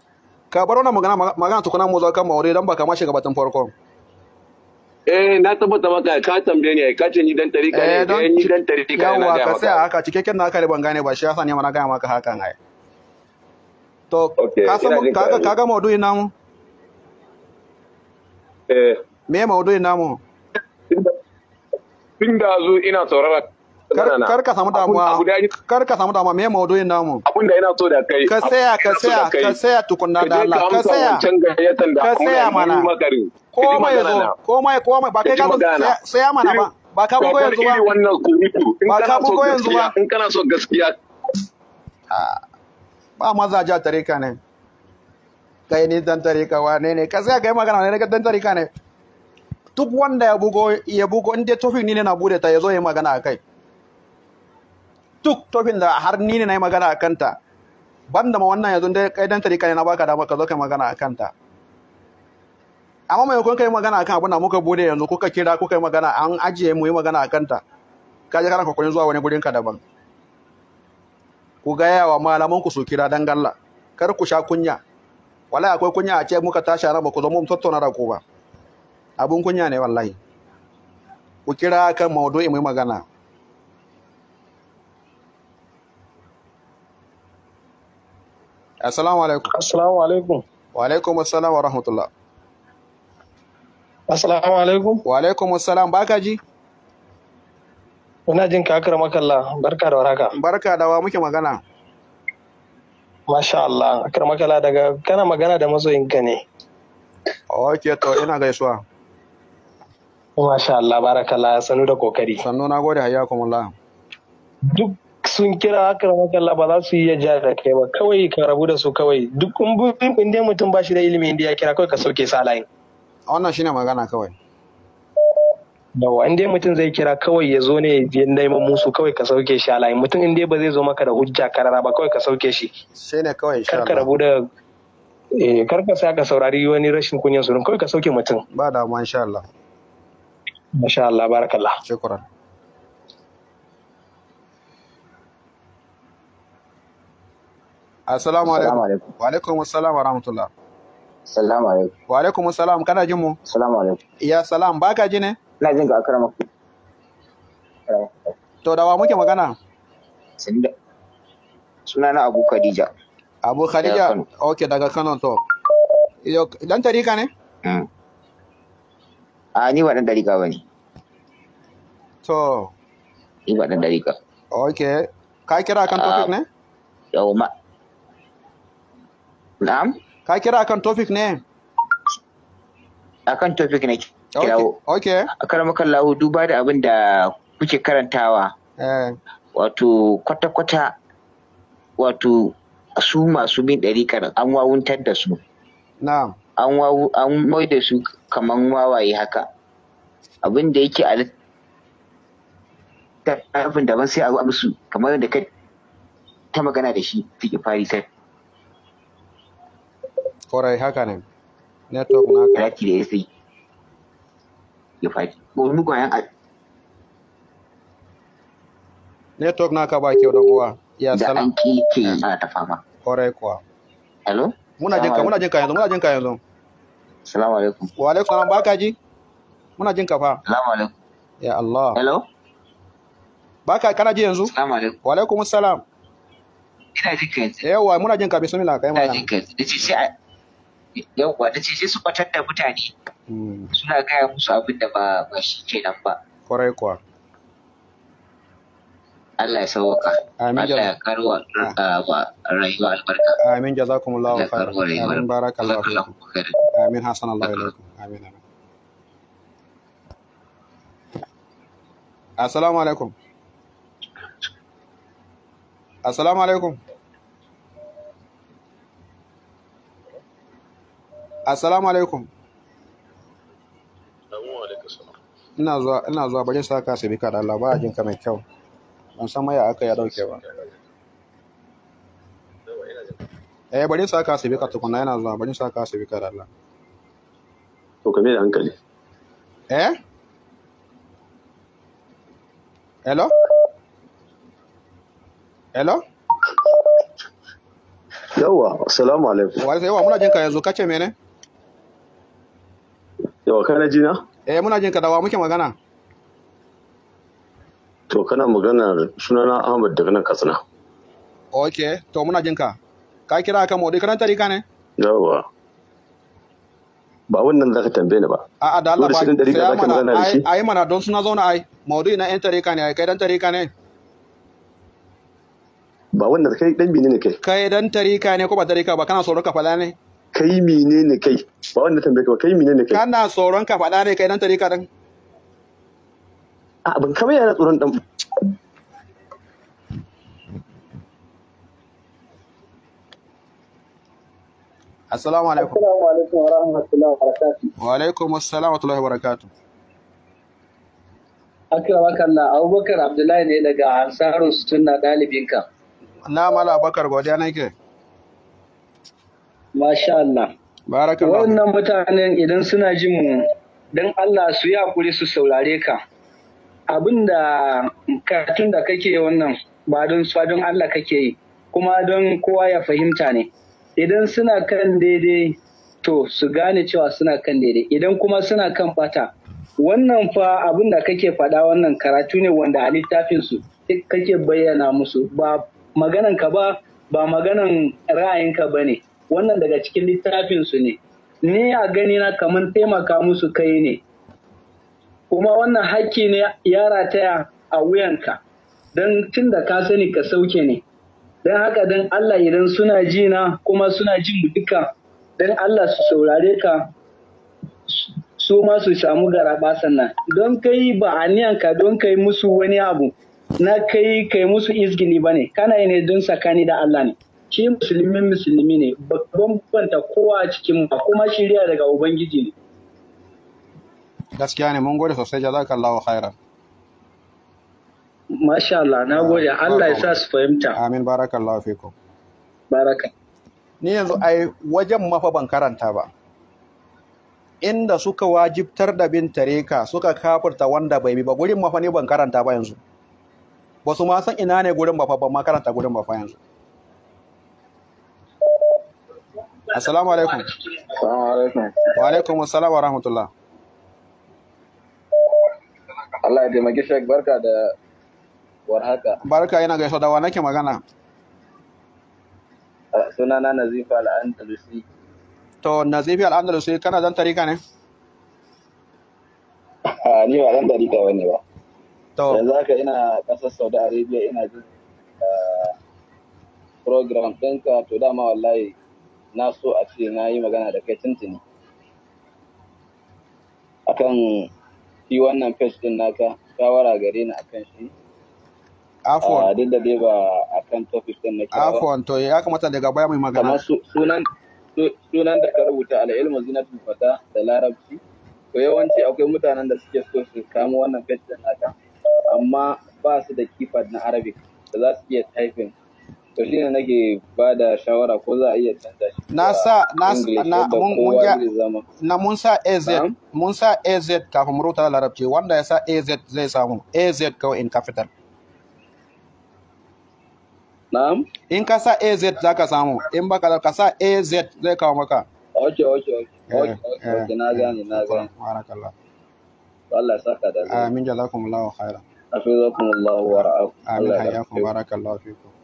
ka bar wannan magana magana tukuna mu zo kan maure dan ba ka mashi batun farko. eh na tabbata maka ka tambaye ni ka ce ni dan tarika ne eh, eh ni dan tarika ne yawa ka sai haka cikakken na haka ban gane ba shi yasa ne mana ga maka haka ai to ka san ka ka ga maudu'in namu eh me maudu'in namu tunda zo ina saurara kar ka samu damuwa kar ka samu damuwa me maudu'in namu abinda ina so da kai ka saya ka saya ka saya tukunna da Allah ka saya ka saya mana komai yazo komai komai ba kai ka saya mana ba ba ka bugo yanzu ba ba ka bugo yanzu ba in kana so gaskiya ba mazaje a tare ne kai ni dan tare wane ne ka saya kai magana ne ka dan tare ne duk wanda ya bugo ya bugo in dai tofi ni ne na bude ta yazo ya magana a kai duk tofin da har ni ne na yi magana a kanta ban da ma wannan yanzu dai kai dan tarika ne na baka dama ka zo kai magana a kanta amma mai kun kai magana akan abin da muka bude yanzu kuka kira kuka yi magana an ajiye mu yi magana a kanta ka je kana kokarin zuwa wani gurin ka daban ku gaya wa malaman ku su kira dan galla kar ku sha kunya wallahi akwai kunya a ce muka tashi ran ba ku zo mu tattauna da ba abun kunya ne wallahi ku kira kan maudu'i mu yi magana assalamu alaikum assalamu alaikum wa alaikum assalam wa rahmatullah assalamu alaikum wa alaikum assalam baka ji ina jin ka makalla barka da waraka barka da wa muke magana masha Allah akrama makalla daga kana magana da mazoyinka ne ok to ina gaisuwa Masha Allah, barakallah, sannu da kokari. Sannu na gode, hayyakumullah. Duk sun kira aka makalla ba za su iya ja da kai ba kawai ka rabu da su kawai duk in dai mutum ba shi da ilimi inda ya kira kawai ka sauke sa layin wannan shine magana kawai yawa in dai mutum zai kira kawai ya zo ne ya neman musu kawai ka sauke shi a layin mutum in dai ba zai zo maka da hujja karara ba kawai ka sauke shi sai ne kawai insha Allah rabu da eh kar sa ka saurari wani rashin kunyan surun kawai ka sauke mutum ba da insha Allah masha Allah barakallah shukran Assalamu alaikum. Wa alaikum assalam wa rahmatullah. Assalamu alaikum. Wa alaikum assalam kana jin mu? Assalamu alaikum. Ya salam baka ji ne? Ina jin ka akrama ku. To da wa muke magana? Sinda. na Abu Khadija. Abu Khadija. Okay daga Kano to. Yo dan tarika ne? Mm. Ah ni ba dan tarika bane. To. Ni ba dan tarika. Okay. Ka kira kan topic ah, ne? Yau ma Na'am? Ka kira akan topic ne? Akan topic ne kirawo. Okay. Akan makallahu duba da abin da kuke karantawa. Eh. Wato kwata-kwata wato su masu bin ɗarikar an wawuntar da su. Na'am. An wawu an mai da su kaman wawaye haka. Abin da yake a littafin daban sai a zo a musu kamar yadda kai ta magana da shi fari sai kwarai haka ne network na ka yaki da sai ya faki ko mu goyan a network na ka ba kyau dan uwa ya salam da an kike ba ta fama kwarai kuwa hello muna jinka muna jinka yanzu muna jinka yanzu assalamu alaikum wa alaikum salam baka ji muna jinka fa assalamu alaikum ya Allah hello baka kana ji yanzu assalamu alaikum wa alaikum assalam ina jinka yanzu yawa muna jinka bismillah kai mana ina jinka sai yawwa na ce sai su batar da mutane hmm. suna gaya musu abin da ba shi nan ba kwarai kuwa Allah ya sauka Allah ya karo ah. ah, rayuwa albarka amin jazakumullahu khairan amin barakallahu fikum amin hasanallahu amin assalamu alaikum assalamu alaikum assalamu alaikum ina zuwa ina zuwa bari sa ka sai ka da Allah ba ka mai kyau ban san maya aka ya dauke ba eh bari sa ka sai ka tukuna yana zuwa bari sa ka sai ka da Allah to kame da hankali eh hello hello yawa assalamu alaikum wa sai yawa muna ka yanzu kace mene Yawa kana jina? Eh muna jin kadawa muke magana. To kana magana sunana Ahmad daga nan Katsina. Ok, to muna jin ka. Ka kira kan maudu karanta rika ne? Yawa. Ba wannan zaka tambaye ni ba. A'a da Allah ba. Dole sai mana ai ai mana don suna zauna ai. Maudu na yan tarika ne ai kai dan tarika ne. Ba wannan kai dan bine ne kai. Kai dan tarika ne ko ba tarika ba kana tsoron ka fada ne? kai menene kai ba wanda tambaye ka ba kai menene kai kana tsoron ka faɗa ne kai dan tarika dan a ban kawai yana tsoron dan Assalamu alaikum. Assalamu alaikum wa rahmatullahi wa barakatuh. Wa alaikum assalam wa rahmatullahi wa barakatuh. Akramaka Allah, Abubakar Abdullahi ne daga Ansarus sunna dalibinka. Na mala Abubakar godiya nake. Masha Allah. Allah. Wannan mutanen idan suna jin mu don Allah su yi hakuri su saurare ka. Abin da katun da kake wannan ba don su don Allah kake yi kuma don kowa ya fahimta ne. Idan suna kan daidai to su gane cewa suna kan daidai idan kuma suna kan bata wannan fa abin da kake faɗa wannan karatu ne wanda a littafin su kake bayyana musu ba maganan ka ba ba maganan ra'ayinka ba ne wannan daga cikin littafinsu ne ni a gani na kamar taimaka musu kai ne kuma wannan hakki ne ya rataya a wuyanka don tun da ka sani ka sauke ne don haka don Allah idan suna ji na kuma suna jin mu duka don Allah su saurare ka su ma su samu garaba sannan don kai ba aniyanka don kai musu wani abu na kai kai musu izgili ba ne kana ne don sakani da Allah ne shi musulmin musulmi ne babban banta kowa a cikin ba, kuma shirya daga ubangiji ne gaskiya ne mun gode sosai jazakallahu khairan Masha Allah, na gode. Allah ya sa su fahimta. Amin, barakallahu fikum. Baraka. Ni yanzu ai wajen mafa ban karanta ba. Inda suka wajibtar da bin tareka suka kafirta wanda bai bi ba gurin mafa ne ban karanta ba yanzu. Ba su ma san ina ne gurin mafa ban ma karanta gurin mafa yanzu. Assalamu alaikum. Wa alaikum assalam wa rahmatullah. Allah ya taimaki Sheikh barka da warhaka. Barka yana gaisa da wane ke magana. Sunana Nazifa Al-Andalusi. To Nazifi Al-Andalusi kana dan tarika ne? Ni ba zan tarika bane ba. To yanzu haka ina kasar Saudi Arabia ina jin ah, program ɗinka to dama wallahi na so a ce na yi magana da kai tuntuni akan shi wannan page din naka shawara gare ni akan shi afon ah, duk da dai ba kan topic din ba. afon to ya kamata daga baya mai magana sunan sunan da ka rubuta al-ilmu zinatul fata da larabci to yawanci akwai mutanen da suke so su kamo wannan page din naka amma ba su da keypad na arabic da za su iya typing to nake ba shawara ko za a iya canza na sa na mun sa AZ mun kafin mu rubuta larabci wanda ya sa AZ zai samu AZ ko in capital na'am in ka sa AZ za samu in ka sa AZ zai kawo maka oke oke eh, eh, na eh. gani na gani. barakallah Allah saka da amin jalakumullahu khairan wa ra'akum amin hayyakum barakallahu fikum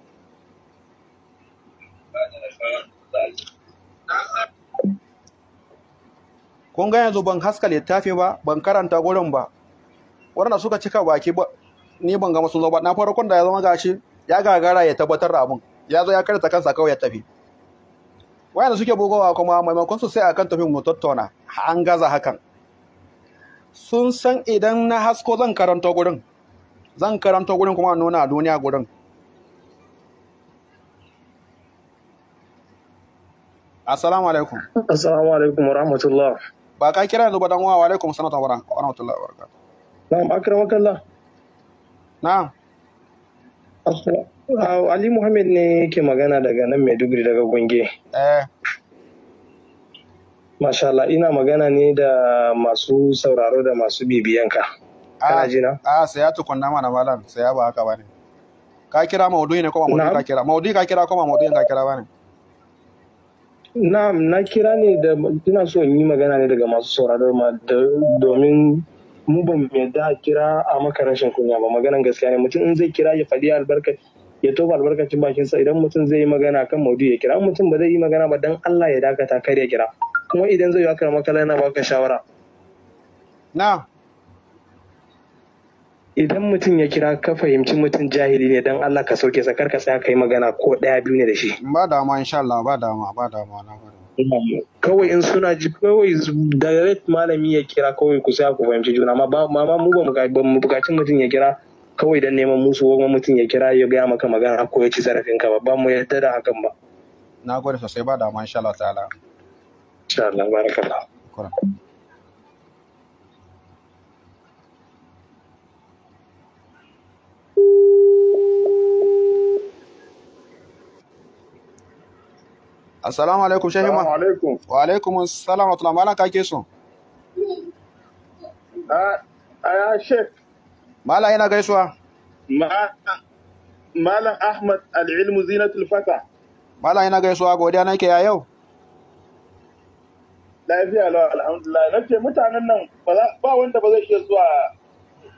kun ga yanzu ban haska littafi ba ban karanta gurin ba waɗanda suka cika baki ba ni ban gama sun zo ba na farkon da ya zama gashi ya gagara ya tabbatar da abin ya zo ya karanta kansa kawai ya tafi wayanda suke bugowa kuma maimakon su sai akan tafin mu tattauna an gaza hakan sun san idan na hasko zan karanta gurin zan karanta gurin kuma nuna a duniya gurin Assalamu alaikum. Assalamu alaikum wa rahmatullah. Ba ka kira yanzu ba dan wa alaikum sanata wa rahmatullah wa barakatuh. Na'am akramaka wakalla? Na'am. Ali Muhammad ne yake magana daga nan Maiduguri daga Gwange. Eh. Masha Allah ina magana ne da masu sauraro da masu bibiyanka. Ah, Kana jina? Ah, sai ya tukunna mana malam, saya ba haka bane. Ka kira maudui ne ko ba maudui ka kira? Maudui ka kira ko ba maudui ka kira bane? na na kira ne da ina so in yi magana ne daga masu sauraro ma domin mu ba mu yadda kira a maka rashin kunya ba maganan gaskiya ne mutum in zai kira ya faɗi ya tofa albarkacin bakin sa idan mutum zai yi magana kan maudu ya kira mutum ba zai yi magana ba dan Allah ya dakata kar ya kira kuma idan zai yi haka makala yana baka shawara idan mutum ya kira ka fahimci mutum jahili ne don Allah ka sauke sakar ka tsaya kai magana ko ɗaya biyu ne da shi ba dama insha Allah ba dama ba dama na kawai in suna ji kawai direct malami ya kira kawai ku tsaya ku fahimci juna amma ba ma mu ba mu bukaci mutum ya kira kawai dan neman musu ko mutum ya kira ya gaya maka magana ko ya ci zarafin ka ba ba mu yarda da hakan ba na gode sosai ba dama insha Allah ta'ala insha Allah barakallahu assalamu alaikum shehima assalamu alaikum wa alaikum assalam wa rahmatullahi malam ake so a sheikh. Mala yana gaisuwa malam ahmad al-ilmu zinatul fata malam yana gaisuwa godiya nake ya yau lafiya lau alhamdulillah na ce mutanen nan ba wanda ba zai iya zuwa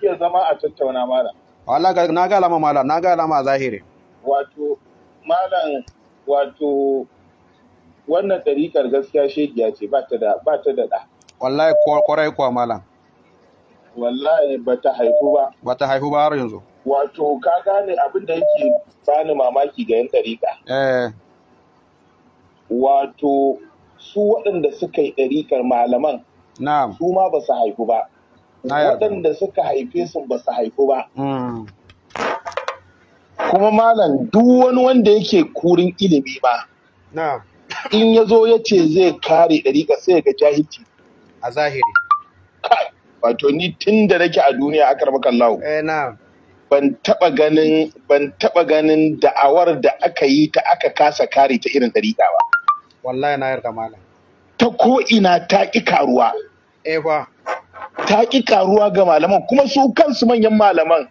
iya zama a tattauna malam wala na ga alama malam na ga alama zahiri wato malam wato wannan ɗariƙar gaskiya shegiya ce ba ta da ba da ɗa wallahi kwarai kuwa malam wallahi ba ta haifu ba ba ta haifu ba har yanzu wato ka gane abin da yake bani mamaki ga yan ɗariƙa eh wato su waɗanda suka yi ɗariƙar malaman na'am su ma ba su haifu ba waɗanda suka haife su ba su haifu ba hmm. kuma malam duk wani wanda yake kurin ilimi ba na'am in ya zo ya ce zai kare ɗariƙa sai ga jahilci a zahiri wato ni tun da nake a duniya akar makallahu eh ban taba ganin ban taba ganin da'awar da aka yi ta aka kasa kare ta irin ɗariƙa ba wallahi na yarda malam ta ko ina ta ƙi karuwa eh ba ta ƙi karuwa ga malaman kuma su kansu manyan malaman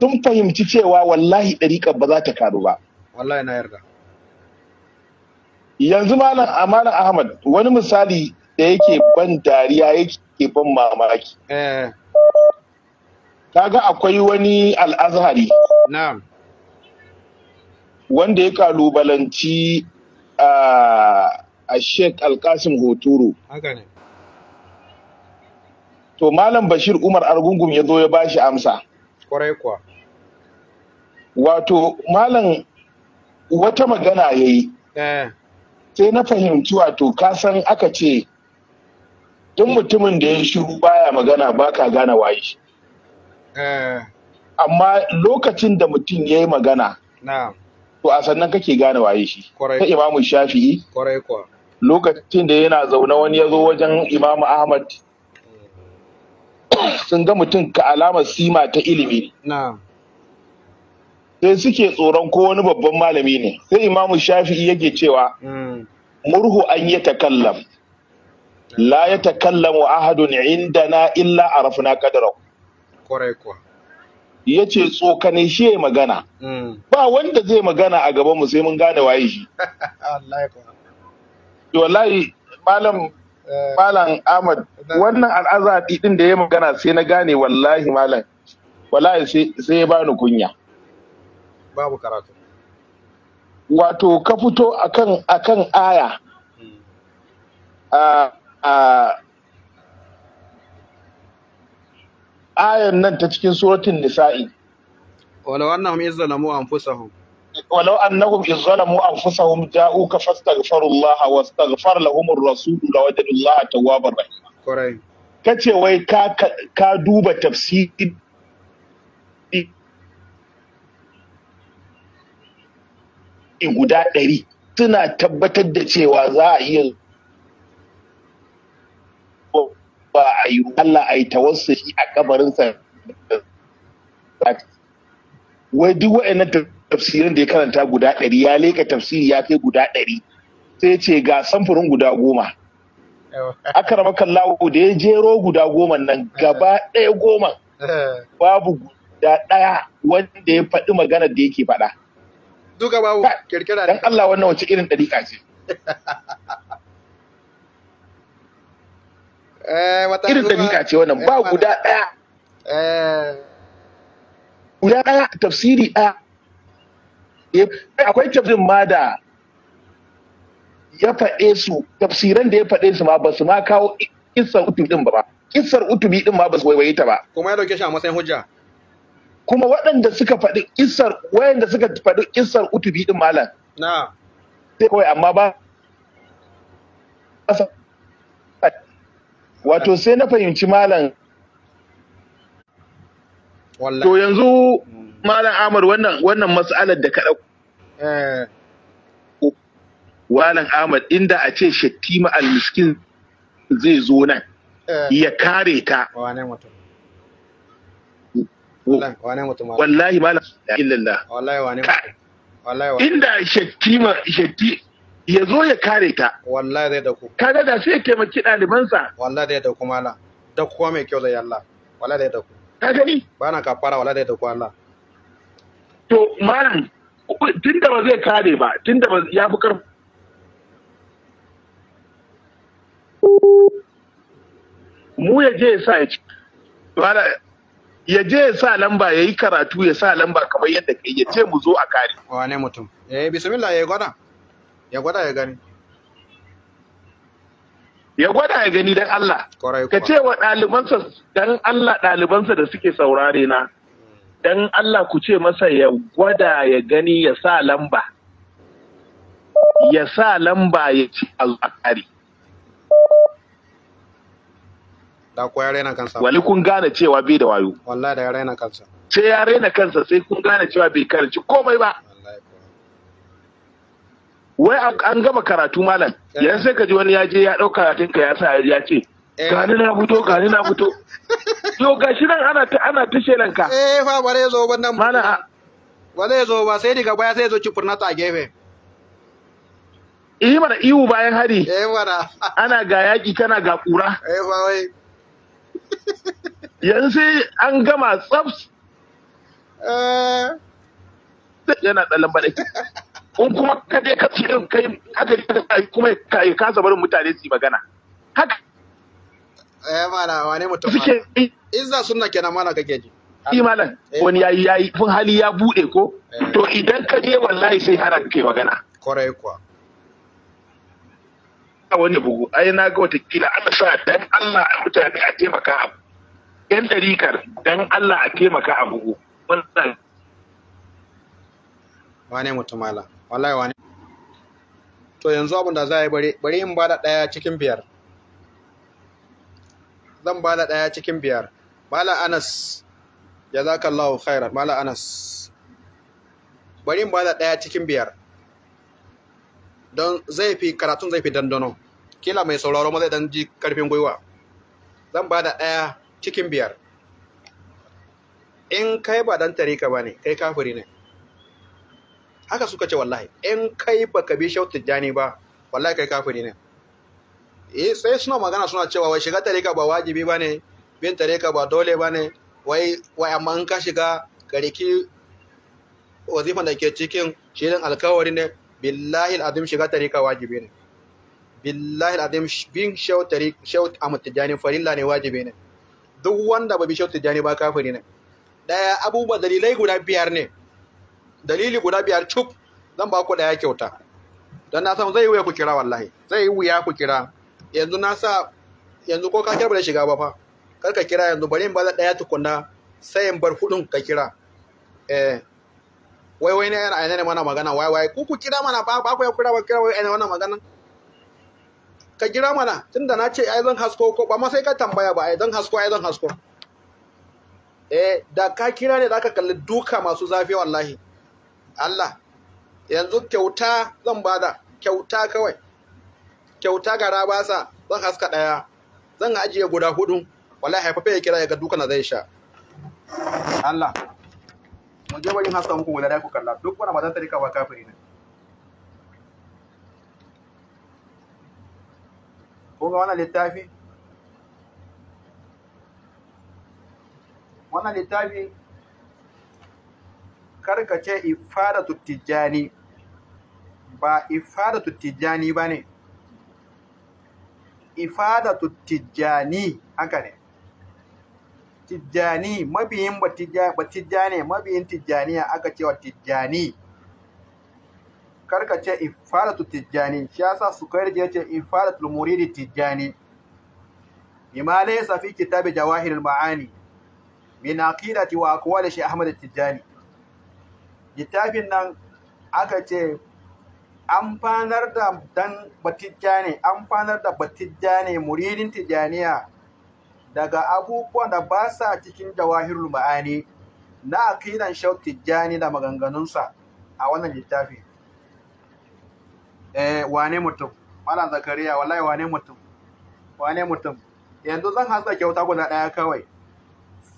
sun fahimci cewa wallahi ɗariƙar ba za ta karu ba wallahi na yarda yanzu malam amalan ahmad wani misali da yake ban dariya yake ban mamaki eh. kaga akwai wani al'azhari wanda ya kalubalanci a sheik alkasim hoturu to malam bashir umar argungun ya zo ya bashi amsa kwarai kuwa wato malam wata magana ya yi eh. sai na fahimci wato kasan aka ce duk mutumin da ya shiru baya magana baka gane waye eh. amma lokacin da mutum ya yi magana to a sannan kake gane waye shi ta imamu shafi'i lokacin da yana zaune wani ya zo wajen imamu ahmad mm. sun ga mutum ka alamar sima ta ilimi sai suke tsoron ko wani babban malami ne sai imamu shafi'i yake cewa hmm. murhu an ya takallam la ya takallamu ahadun na illa arafna qadrahu kwarai kuwa ya ce tsokane shi ya magana hmm. ba wanda zai magana a gabanmu sai mun gane waye shi wallahi malam eh. malam ahmad wannan al'azadi din da ya magana sai na gane wallahi malam wallahi sai ya bani kunya babu karatu wato ka fito akan akan aya A ah, ah. ayan nan ta cikin suratun nisa'i walau annahum izzalamu anfusahum walau annahum izzalamu anfusahum ja'u ka fastaghfirullah wa astaghfar lahum ar-rasul la wajadullah tawwabar rahim kace wai ka ka duba tafsirin guda ɗari suna tabbatar da cewa za a iya ba a yi Allah a yi shi a kabarinsa wai duk wa'annan tafsirin da ya karanta guda ɗari ya leka tafsiri ya kai guda ɗari sai ce ga samfurin guda goma aka rama kallawo da ya jero guda goma nan gaba ɗaya goma eh. babu guda ɗaya wanda ya faɗi magana da yake faɗa. duka babu kirkira dan Allah wannan wace irin dariƙa ce eh wata irin dariƙa ce wannan ba eh, guda daya eh guda daya tafsiri daya akwai tafsirin ma da ya faɗe su tafsiran da ya faɗe su ma ba su ma kawo kissar utubi din ba kissar utubi din ma ba su waiwaye ta ba kuma ya dauke shi a matsayin hujja kuma waɗanda suka faɗi isar wayanda suka faɗi isar utubi din malam na sai kawai amma ba wato sai na fahimci malam to yanzu malam amur wannan wannan mas'alar da kaɗa Walan eh Ahmad inda a ce shattima al-miskin zai zo nan eh. ya kare ta wallahi malam illallah wallahi wane wallahi wane inda shakima shakki ya zo ya kare ta wallahi zai dauko kaga da sai ya taimaki ɗalibansa wallahi zai dauko da kuma mai kyau zai Allah wallahi zai dauko ka gani ba na kafara wallahi zai dauko Allah to malam tunda ba zai kare ba tunda ba ya fi karfi mu ya je ya sa ya ci ya je ya sa lamba ya yi karatu ya sa lamba kamar yadda kai ya ce mu zo a kare. Wane mutum? Eh bismillah ya gwada. Ya gwada ya gani. Ya gwada ya gani dan Allah. Ka ce wa ɗalibansa dan Allah ɗalibansa da suke saurare na. Dan Allah ku ce masa ya gwada ya gani ya sa lamba. Ya sa lamba ya ce a kare. da ko ya raina kansa wali kun gane cewa bai da wayo wallahi da ya raina kansa sai ya raina kansa sai kun gane cewa bai karanci komai ba wai an gama karatu malam eh. yanzu sai ka ji wani ya je ya ɗauka karatun ka ya sa ya ce eh. gani na fito gani na fito ga gashi nan ana ta ana ta shelan ka eh fa bare zo ba nan malam ba zai zo ba sai daga baya sai zo cifurnata a gefe Iyi mana iwu bayan hari. Eh, ana ga yaƙi tana ga ƙura. wai. yanzu an gama tsaf eh. yana ɗan lamba ɗaki in kuma ka je ka tsirin kai haka kuma ka yi kasa barin mutane su yi magana haka eh mana wane mutum suke izza sunna kenan mana kake ji shi malam eh. wani yayi yayi fun hali ya bude ko eh. to idan ka je wallahi sai hana kai magana kwarai kuwa wani bugu ai na ga watakila ana sa dan Allah a mutane a taimaka a yan ɗarikar dan Allah a taimaka a bugu wannan wane mutum ala wallahi wane to yanzu abin da za a yi bari in bada ɗaya cikin biyar zan bada ɗaya cikin biyar mala anas ya za ka lawo khairar mala anas bari in bada ɗaya cikin biyar don zai fi karatun zai fi dandano kila mai sauraro ma zai dan ji karfin gwiwa zan ba da ɗaya cikin biyar in kai ba dan tarika ba ne kai kafiri ne haka suka ce wallahi in kai ba ka bi shautu jani ba wallahi kai kafiri ne eh sai suna magana suna cewa wai shiga tarika ba wajibi ba ne bin tarika ba dole ba ne wai wai amma in ka shiga gariki riki wazifan da ke cikin shirin alkawari ne billahi al'adun shiga tarika wajibi ne billahi alazim bin shehu tariq amtijani farilla ne wajibi ne duk wanda ba bi shehu jani ba kafiri ne daya abubuwa dalilai guda biyar ne dalili guda biyar cup zan ba ku daya kyauta Dan na san zai wuya ku kira wallahi zai wuya ku kira yanzu na sa yanzu ko ka kira bare shiga ba fa kar ka kira yanzu bari in ba daya tukunna sai in bar hudun ka kira eh wai wai ne yana aina ne mana magana wai wai ku ku kira mana ba ba ku ya kira ba kira wai aina mana magana ka gira mana tunda na ce ai zan hasko ko ba ma sai ka tambaya ba ai zan hasko ai zan hasko eh da ka kira ne zaka kalli duka masu zafi wallahi Allah yanzu kyauta zan bada kyauta kawai kyauta gara basa zan haska daya zan ajiye guda hudu wallahi haifafe ya kira ya ga duka na zai sha Allah mu je bari haska muku guda dai ku kalla duk wani madan tarika ba kafiri ne kun ga wannan littafi wannan littafi karkace ifadatu tijjani ba ifadatu tijjani ba ne ifadatu tijjani haka ne tijjani mabiyin ba tijjani mabiyin tijjaniya aka cewa tijjani karka ce ifadatu tijjani shi ya sa su kai ya ce ifadatu muridi tijjani bima laysa fi kitab jawahir al-ma'ani min aqidati wa aqwali shi ahmad tijjani littafin nan aka ce an fanar da dan batijjani an fanar da batijjani muridin tijjaniya daga abubuwan da ba sa cikin jawahirul ma'ani na aqidan shaw tijjani da maganganunsa a wannan littafin eh wane mutum malam zakariya wallahi wane mutum wane mutum yanzu zan hasa kyauta guda daya kawai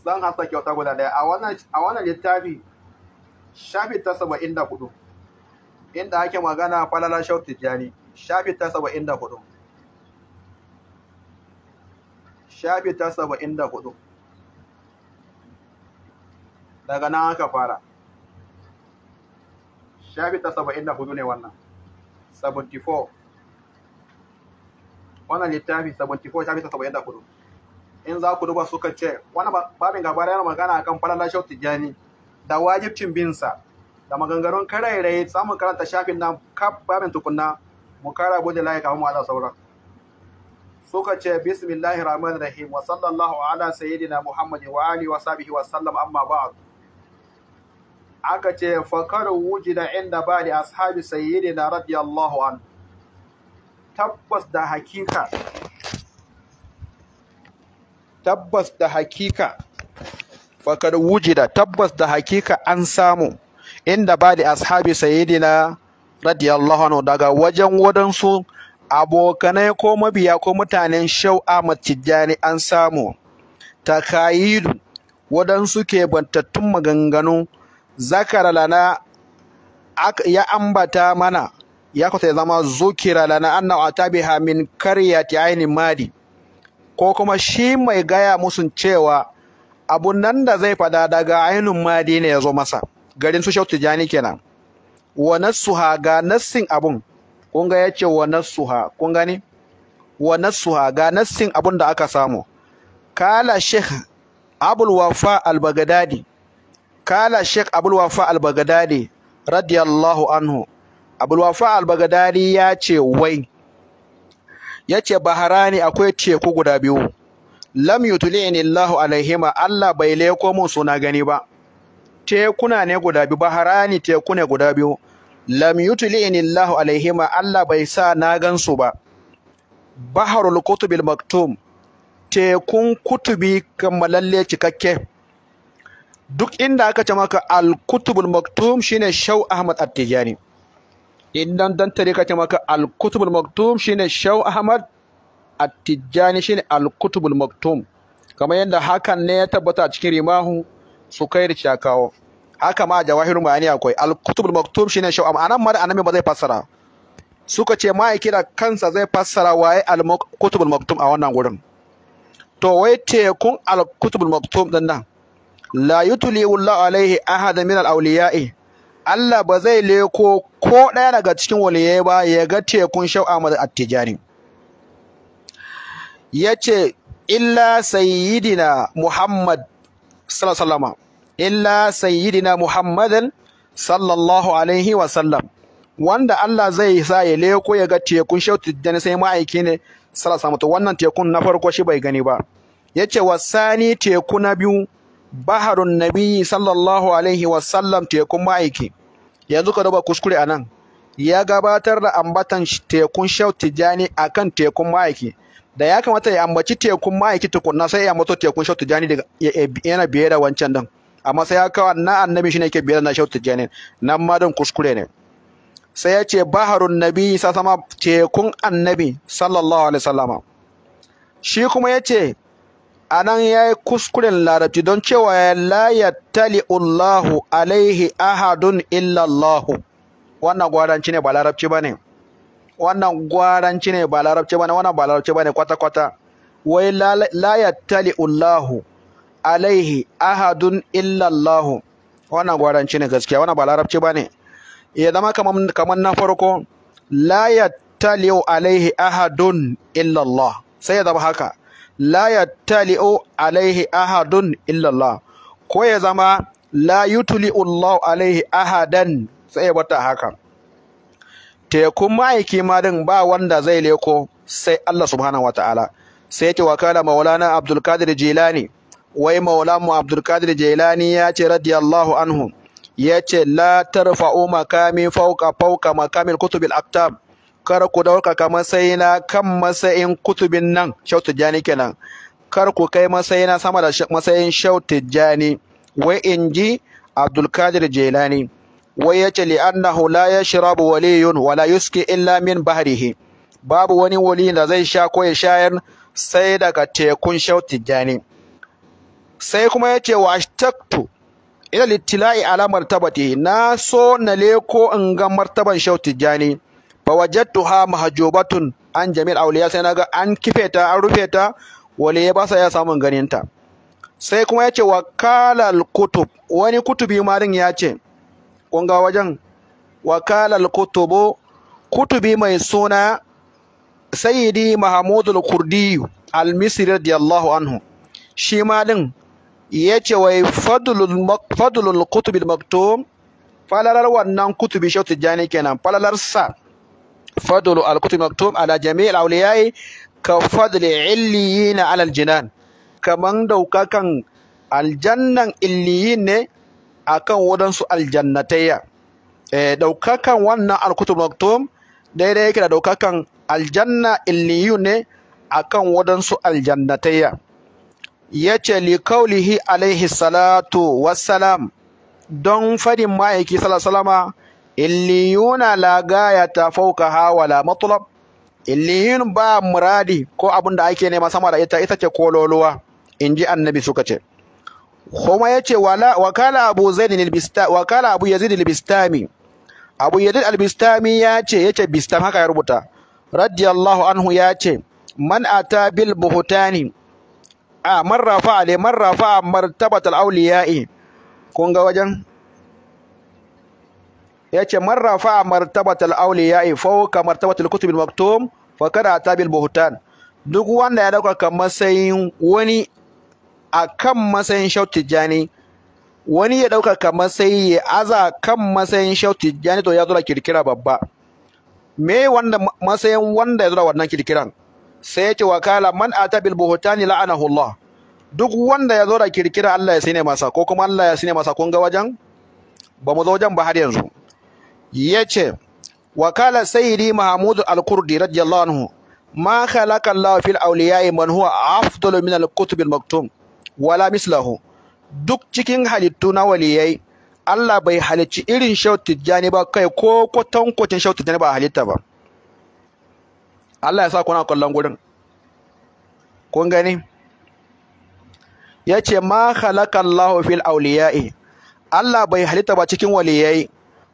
zan hasa kyauta guda daya a wannan a wannan littafi shafi ta 74 inda ake magana falala shau tijjani shafi ta 74 shafi ta 74 daga nan aka fara shafi ta 74 ne wannan 74 wannan littafi 74 shafi ta 74 in za ku duba suka ce Wani babin gaba yana magana akan falala shau tijjani da wajibcin binsa da maganganun karairayi samun karanta shafin nan kaf babin tukunna mu kara bude layi kafin mu ala sauran suka ce bismillahir rahmanir rahim wa sallallahu ala sayyidina muhammadin wa alihi wa sahbihi wa sallam amma ba'd aka ce fakar wujida inda ba da ashabi na radiyallahu an tabbas da hakika tabbas da hakika fakar wujida tabbas da hakika an samu inda ba da ashabi na radiyallahu anhu daga wajen wadansu abokanai ko mabiya ko mutanen shau'a matijjani an samu wadansu ke bantattun maganganu zakara lana ya ambata mana ya kusa zama zukira lana anna atabiha min karyati aini madi ko kuma shi mai gaya musu cewa abun nan da zai fada daga ainihin madi ne ya zo masa garin su shautu jani kenan wa nassuha ga nassin abun kun ga yace wa nassuha kun gani wa nassuha ga nassin abun da aka samu kala sheikh abul wafa al bagdadi kala Sheikh Abdul Wafa al radiyallahu anhu Abdul Wafa al ya ce wai Ya yace Baharani akwai teku guda biyu lam yutli'ni Allahu alaihima Allah bai leko mun suna gani ba tekuna ne guda biyu Baharani teku ne guda biyu lam yutli'ni Allahu alaihima Allah bai sa na gansu ba Baharul Kutubil Maktum tekun kutubi kammalalle cikakke duk inda aka ce maka al-kutubul maktum shine Shaw Ahmad At-Tijani idan dan tare ka ce maka al-kutubul maktum shine Shaw Ahmad At-Tijani shine al-kutubul maktum kamar yadda hakan ne ya tabbata a cikin rimahu su sukair shakawo haka ma jawahirul ma'ani akwai al-kutubul maktum shine Shaw Ahmad anan ma da annabi ba zai fassara suka ce ma da kansa zai fassara waye al-kutubul maktum a wannan gurin to wai tekun al-kutubul maktum dan nan la yutliu wula alaihi ahada min al-awliya'i Allah ba zai leko ko ɗaya daga cikin waliyai ba ya ga tekun Shehu Ahmad Ya ce, illa sayyidina Muhammad sallallahu alaihi wasallam illa sayyidina Muhammadan sallallahu alaihi wasallam wanda Allah zai sa ya leko ya ga tekun Shehu Attijani sai ma'aiki ne sallallahu wannan tekun na farko shi bai gani ba Ya yace wasani teku na biyu baharun nabi sallallahu alaihi wasallam tekun ma'aiki yanzu ka duba kuskure a nan ya gabatar da ambatan tekun shau tijani a kan tekun ma'aiki da ya kamata ya ambaci tekun ma'aiki tukunna sai ya mato tekun shau tijani yana biye da wancan nan, amma sai ya kawo na annabi shi ne ke biye da na shau tijani nan ma don kuskure ne sai ya ce baharun nabi sasama tekun annabi sallallahu alaihi wasallama shi kuma ya ce anan yayi kuskuren larabci don cewa la tali Allahu alaihi ahadun illa Allah wannan gwaranci ne ba larabci bane wannan gwaranci ne ba larabci bane wannan ba larabci bane kwata kwata wai la tali Allahu alaihi ahadun illa Allah wannan gwaranci ne gaskiya wannan ba larabci bane ya zama kaman na farko la yattali alaihi ahadun illa Allah sai ya zama haka la yattali'u alaihi ahadun illallah ko ya zama la yutli'u Allah alaihi ahadan sai wata haka tekun ma'aiki ma din ba wanda zai leko sai Allah subhanahu wataala sai ce wakala maulana Abdul Qadir Jilani wai maulamu Abdul Qadir Jilani ya ce radiyallahu anhu ya ce la tarfa'u makami fauka fauka makamin kutubil aktab kar ku ɗaukaka matsayina kan matsayin kutubin nan shau tijjani kenan kar ku kai matsayina sama da matsayin shau tijjani wai in ji abdulkadir jelani wai ya ce li'annahu la yashrabu waliyun wala yuski illa min bahrihi babu wani wali da zai sha ko ya shayar sai daga tekun shau tijjani sai kuma ya ce wa ashtaktu ila littila'i ala martabati na so na leko in ga martaban shau tijjani fa ha mahajobatun an jami'il auliya sai naga an kife ta an rufe ta wale ya basa ya samun ganin ta sai kuma yace wa kalal kutub wani kutubi ma din yace kun ga wajen wa kalal kutubu kutubi mai suna sayyidi mahmudul kurdi al-misri radiyallahu anhu shi ma din yace wai fadlul fadlul kutubil maktum falalar wannan kutubi shautu jani kenan falalar sa فضل الكتب المكتوم على جميع الأولياء كفضل عليين على الجنان كمان كان a kan ɗaukakan wannan alkutub daidai yake da ɗaukakan aljanna illiyu ne akan kan waɗansu aljannatayya ya ce likaulihi alaihi salatu wassalam don faɗin ma'aiki salama illiyuna la gayata fawqaha wala matlab Illiyun ba muradi ko abin da ake nema sama da ita ita ce kololuwa ji annabi suka ce kuma ya ce wakala abu zaid al-bistami wakala abu yazid al-bistami abu yazid ya ce yace yace bistam haka ya rubuta radiyallahu anhu ya ce. man ata bil buhtani a man rafa ale man rafa martabatal awliya'i kun ga wajen Ya yace man rafa'a martabatal ka fawqa martabatal kutubil maktum fa kada tabil buhtan duk wanda ya dauka matsayin wani akan matsayin jani, wani ya ɗaukaka matsayi ya aza kan matsayin shauti jani to ya zo da kirkira babba me wanda matsayin wanda ya zo da wannan kirkiran sai ya ce wakala man ata bil buhtani la'anahu Allah duk wanda ya zo da kirkira Allah ya sine masa ko kuma Allah ya sine masa kun ga wajen ba mu zo wajen ba har yanzu yace wakala sayyidi mahmud al-kurdi radiyallahu anhu ma khalaqa Allah fil awliya'i man huwa afdalu min al-kutub al-maktum wala mislahu duk cikin halittu na waliyai Allah bai halicci irin jani ba kai ko kwatankwacin jani ba a halitta ba Allah ya sa kuna kallon gurin kun gani yace ma khalaqa Allah fil awliya'i Allah bai halitta ba cikin waliyai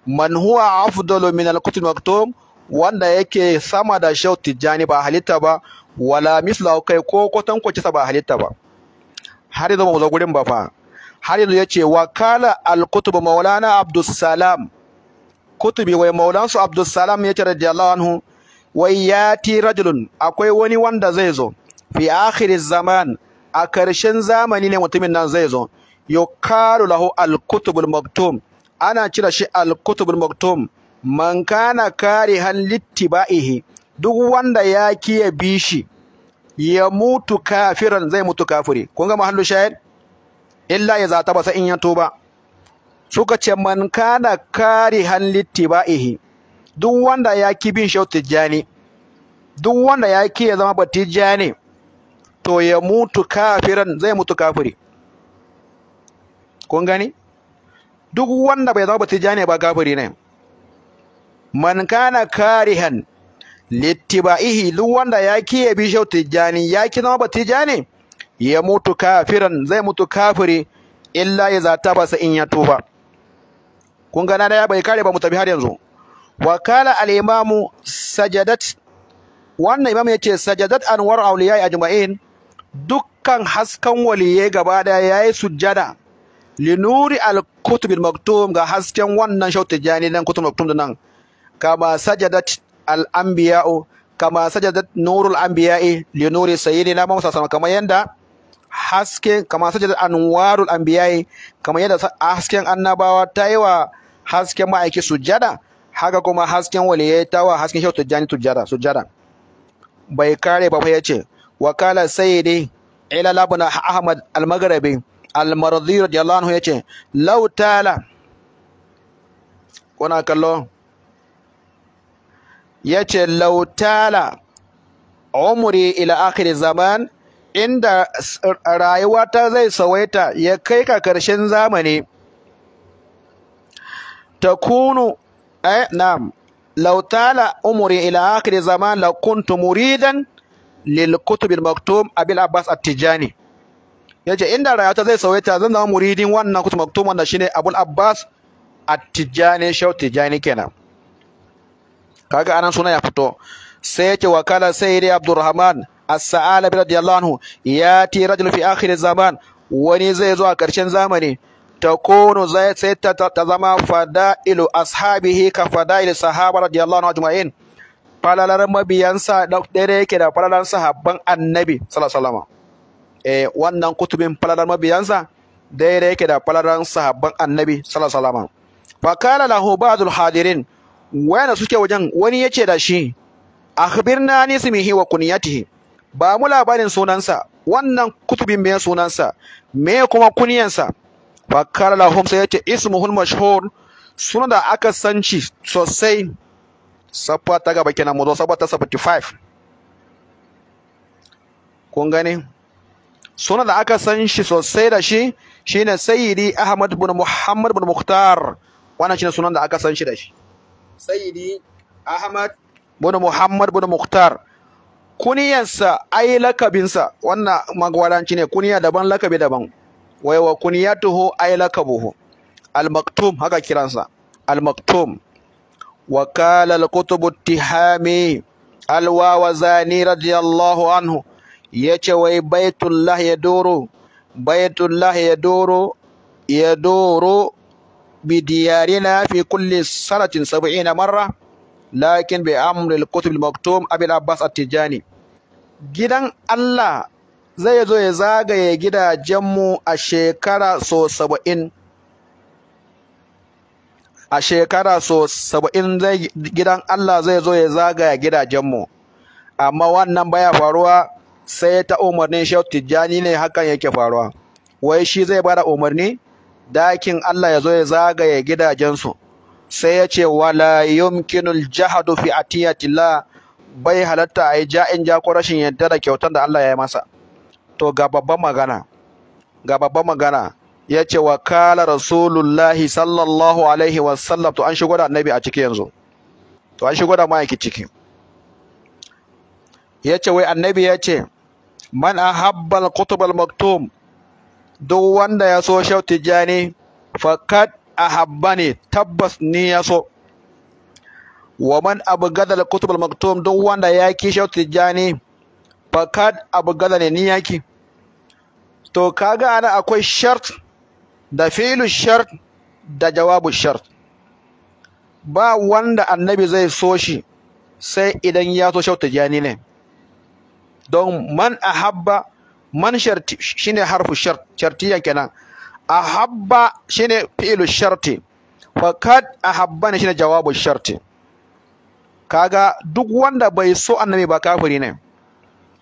man huwa afdalu min al qutl maktum wanda yake sama da shau jani ba halitta ba wala misla kai ko kwatan kwace ba halitta ba har yanzu mu zo gurin ba fa har yanzu yace wa kala al qutb maulana abdus salam kutubi wai maulansu abdus salam yace radiyallahu anhu wai yati rajulun akwai wani wanda zai zo fi akhiriz zaman a karshen zamani ne mutumin nan zai zo yukaru lahu al-kutubul maktum ana cire shi al-kutubul maktum man kana kare littibaihi duk wanda ya kiya bishi ya mutu kafiran zai mutu kafiri kun ga mahallu shahid illa ya zata basa sai in ya tuba suka ce man kana kare littibaihi duk wanda ya ki bin shau tijani duk wanda ya ki zama batijjani to ya mutu kafiran zai mutu kafiri kun gani duk wanda bai zama ne ba gafari ne man kana karihan littiba'ihi duk wanda ya kiye bishau tijjani ya ki zama batijani ya mutu kafiran zai mutu kafiri illa ya zata ba basa in ya tuba kun gana da ya bai kare ba mu tafi har yanzu wakala al-imamu sajadat wannan imam yace sajadat anwar a ajma'in dukkan haskan waliyai gaba daya yayi sujjada linuri al-kutub maktum ga hasken wannan shautin jani nan kutub maktum da nan kama sajadat al-anbiya'u kama sajadat nurul anbiya'i linuri sayyidina Muhammad sallallahu alaihi kama yanda hasken kama sajadat anwarul anbiya'i kama yanda hasken annabawa ta yi wa hasken ma'aiki sujada haka kuma hasken waliyai ta wa hasken shautin jani tujara sujada bai kare ba fa yace wakala sayyidi ila labuna ahmad al-maghribi al-mardi radiyallahu anhu yace law tala kuna kallo yace law tala umri ila akhir zaman inda rayuwata zai sawaita ya kai ka karshen zamani takunu eh na'am law tala umri ila akhir zaman la kuntu muridan lil kutub al maktum abil abbas at-tijani yace inda rayuwata zai sauya zan zama muridin wannan kutub maktum wanda shine Abul Abbas At-Tijani Shaw Tijani kenan kaga anan suna ya fito sai yace wakala sayyidi Abdurrahman As-Sa'alabi radiyallahu anhu yati rajul fi akhir zaman wani zai zo a ƙarshen zamani takunu zai sai ta, zama fada'ilu ashabihi ka fada'il sahaba radiyallahu anhu ajma'in falalar mabiyansa ɗaya yake da falalar sahabban annabi sallallahu alaihi wasallam eh, wannan kutubin falalar mabiyansa daidai yake da falalar sahabban annabi salasalama alaihi lahu ba'dul hadirin wayanda suke wajen wani yace da shi akhbirna an ismihi wa kunyatihi ba mu labarin sunansa wannan kutubin mai sunansa me kuma kunyansa fa kana lahum sai yace ismuhul mashhur sunan da aka san shi sosai safa ta gaba kenan mu zo safa ta 75 kun gani? sunan da aka san shi sosai da shi shine sayyidi ahmad bin muhammad bin muhtar wannan shine sunan da aka san shi da shi sayyidi ahmad bin muhammad bin muhtar kuniyansa ai lakabinsa wannan magwaranci ne kuniya daban lakabi daban wai wa kuniyatuhu ai lakabuhu al-maktum haka kiransa al-maktum wa qala al-kutub at-tihami al-wawazani radiyallahu anhu ya ce wai baitullah ya doro baitullah ya doro ya doro bi fi بديارنا في كل سنة سبعين مرة لكن بأمر الكتب المكتوم abbas العباس tijani gidan Allah zai zo ya zagaye gidajenmu a shekara so saba'in a shekara so saba'in gidan Allah zai zo ya zagaya gidajenmu amma wannan baya faruwa sai ta umarnin shehu tijjani ne hakan yake faruwa wai shi zai bada umarni dakin Allah ya zo ya zagaye gidajensu sai ya ce wala yumkinul jahadu fi atiyatillah bai halatta a yi ja'in ja ko rashin yadda da kyautar da Allah ya yi masa to ga babban magana ga babban magana ya ce wa kala rasulullahi sallallahu alaihi wasallam to an shigo da annabi a ciki yanzu to an shigo da ma'aiki ciki ya ce wai annabi ya ce man ahabbal kutubal maktum duk wanda ya so shau tijjani fakat ahabbani tabbas ni ya so wa man abgadal kutubal maktum duk wanda ya ki shau tijjani fakat ne ni ya ki to kaga ana akwai shart da filu shart da jawabu shart ba wanda annabi zai so shi sai idan ya so shau tijjani ne don man ahabba man sharti shine harfu shart shartiyan kenan ahabba shine fi'lu sharti faqad ahabba shine jawabu sharti kaga duk wanda bai so annabi ba kafiri ne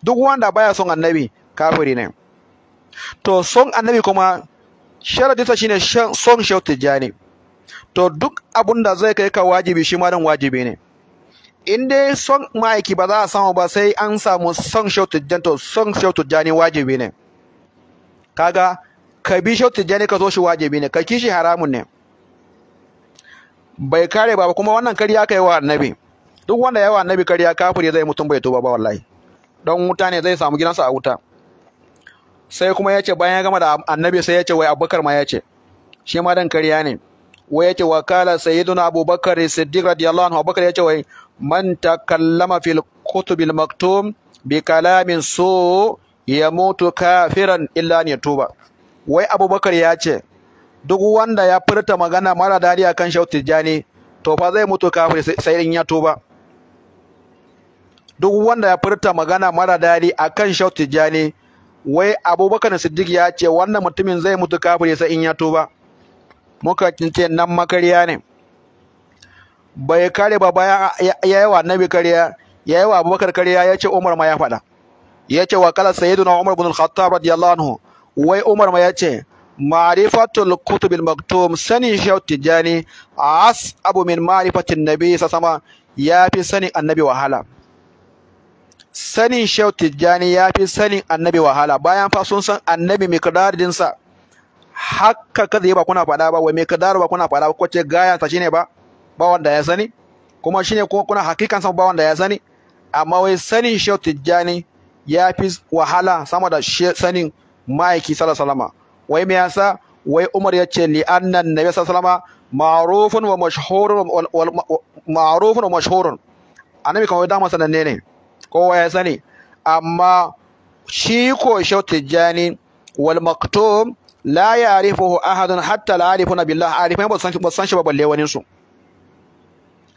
duk wanda baya son annabi kafiri ne to son annabi kuma sharadinsa shine son jani to duk abun da zai kai ka wajibi shi ma wajibi ne in dai son ma'aiki ba za a samu ba sai an samu son shautu tijjani son shautu jani wajibi ne kaga ka bi shautu jani ka zo shi wajibi ne ka kishi haramun ne bai kare ba kuma wannan kariya kai wa annabi duk wanda yawa annabi kariya kafiri zai mutum bai tuba ba wallahi dan wuta ne zai samu gidansa a wuta sai kuma ya ce bayan ya gama da annabi sai ya ce wai abubakar ma ya ce shi ma dan kariya ne wai ya ce wakala sayyiduna abubakar siddiq radiyallahu anhu abubakar ya ce wai man takallama fil kutubil maktum bi kalamin so ya mutu kafiran illa ne tuba wai abubakar ya ce duk wanda ya furta magana mara dadi akan shau tijjani to fa zai mutu kafir sai in ya tuba duk wanda ya furta magana mara dadi akan shau tijjani wai abubakar siddiq ya ce wannan mutumin zai mutu kafir sai in ya tuba muka kince nan makarya ne bai kare ba bayan ya yi wa annabi kariya ya yi wa abubakar kariya ya ce umar ma ya faɗa ya ce wa kala sayyiduna umar bin al-khattab radiyallahu anhu wai umar ma ya ce ma'rifatul kutub maktum sanin shaw tijani as abu min ma'rifatin nabi sasama ya fi sanin annabi wahala sanin shaw tijani ya fi sani annabi wahala bayan fa sun san annabi miqdarin haka kada ba kuna faɗa ba wai miqdar ba kuna faɗa ba ko ce gayan shi shine ba ba wanda ya sani kuma shine kuma kuna hakikan san ba wanda ya sani amma wai sanin Shehu Tijjani ya fi wahala sama da sanin ma'aiki sallallahu wai me yasa wai Umar ya ce li'annan nabi sallallahu ma'rufun wa mashhurun ma'rufun wa mashhurun annabi wai dama sananne ne kowa ya sani amma shi ko Shehu Tijjani wal maktum la ya'rifuhu ahadun hatta la ya'rifuna billah arifai ba san shi ba balle wani su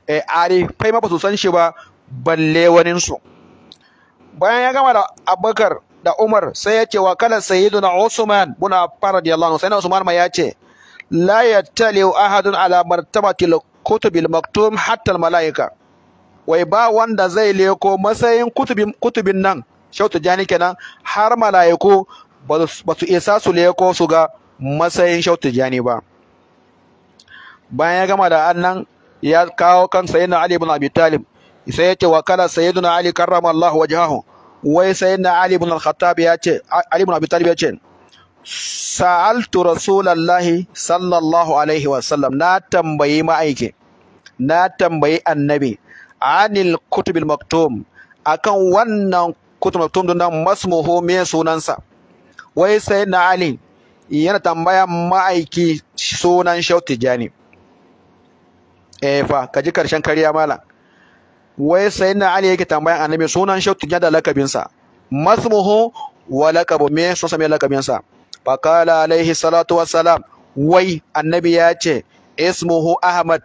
Eh, arifai ma ba su san shi ba balle su. bayan ya gama da abubakar da umar sai ya ce wa kala sayyiduna usman bin affan radiyallahu anhu na usman ma ya ce la yattali ahadun ala martabatil kutubil maktum hatta al malaika wai ba wanda zai leko matsayin kutubin kutubin nan shautu jani kenan har malaiku ba su isa su leko su ga matsayin shautu jani ba bayan ya gama da annan ya kawo kan sayyidina Ali ibn Abi Talib sai yace wa kana sayyidina Ali karramallahu wajhahu wai sayyidina Ali ibn al-Khattab ya Ali ibn Abi Talib ya ce sa'altu rasulallahi sallallahu alaihi wa sallam. na tambayi ma'aiki na tambayi annabi anil kutubil maktum akan wannan kutubil maktum din nan masmuhu me sunansa wai sayyidina Ali yana tambaya ma'aiki sunan Shautijani eh fa ka ji karshen kariya malam wai sayyidina ali yake tambayan annabi sunan shi tujja da lakabin sa masmuhu wa lakabu me sun sami lakabin sa fa qala alaihi salatu wassalam wai annabi ya ce ismuhu ahmad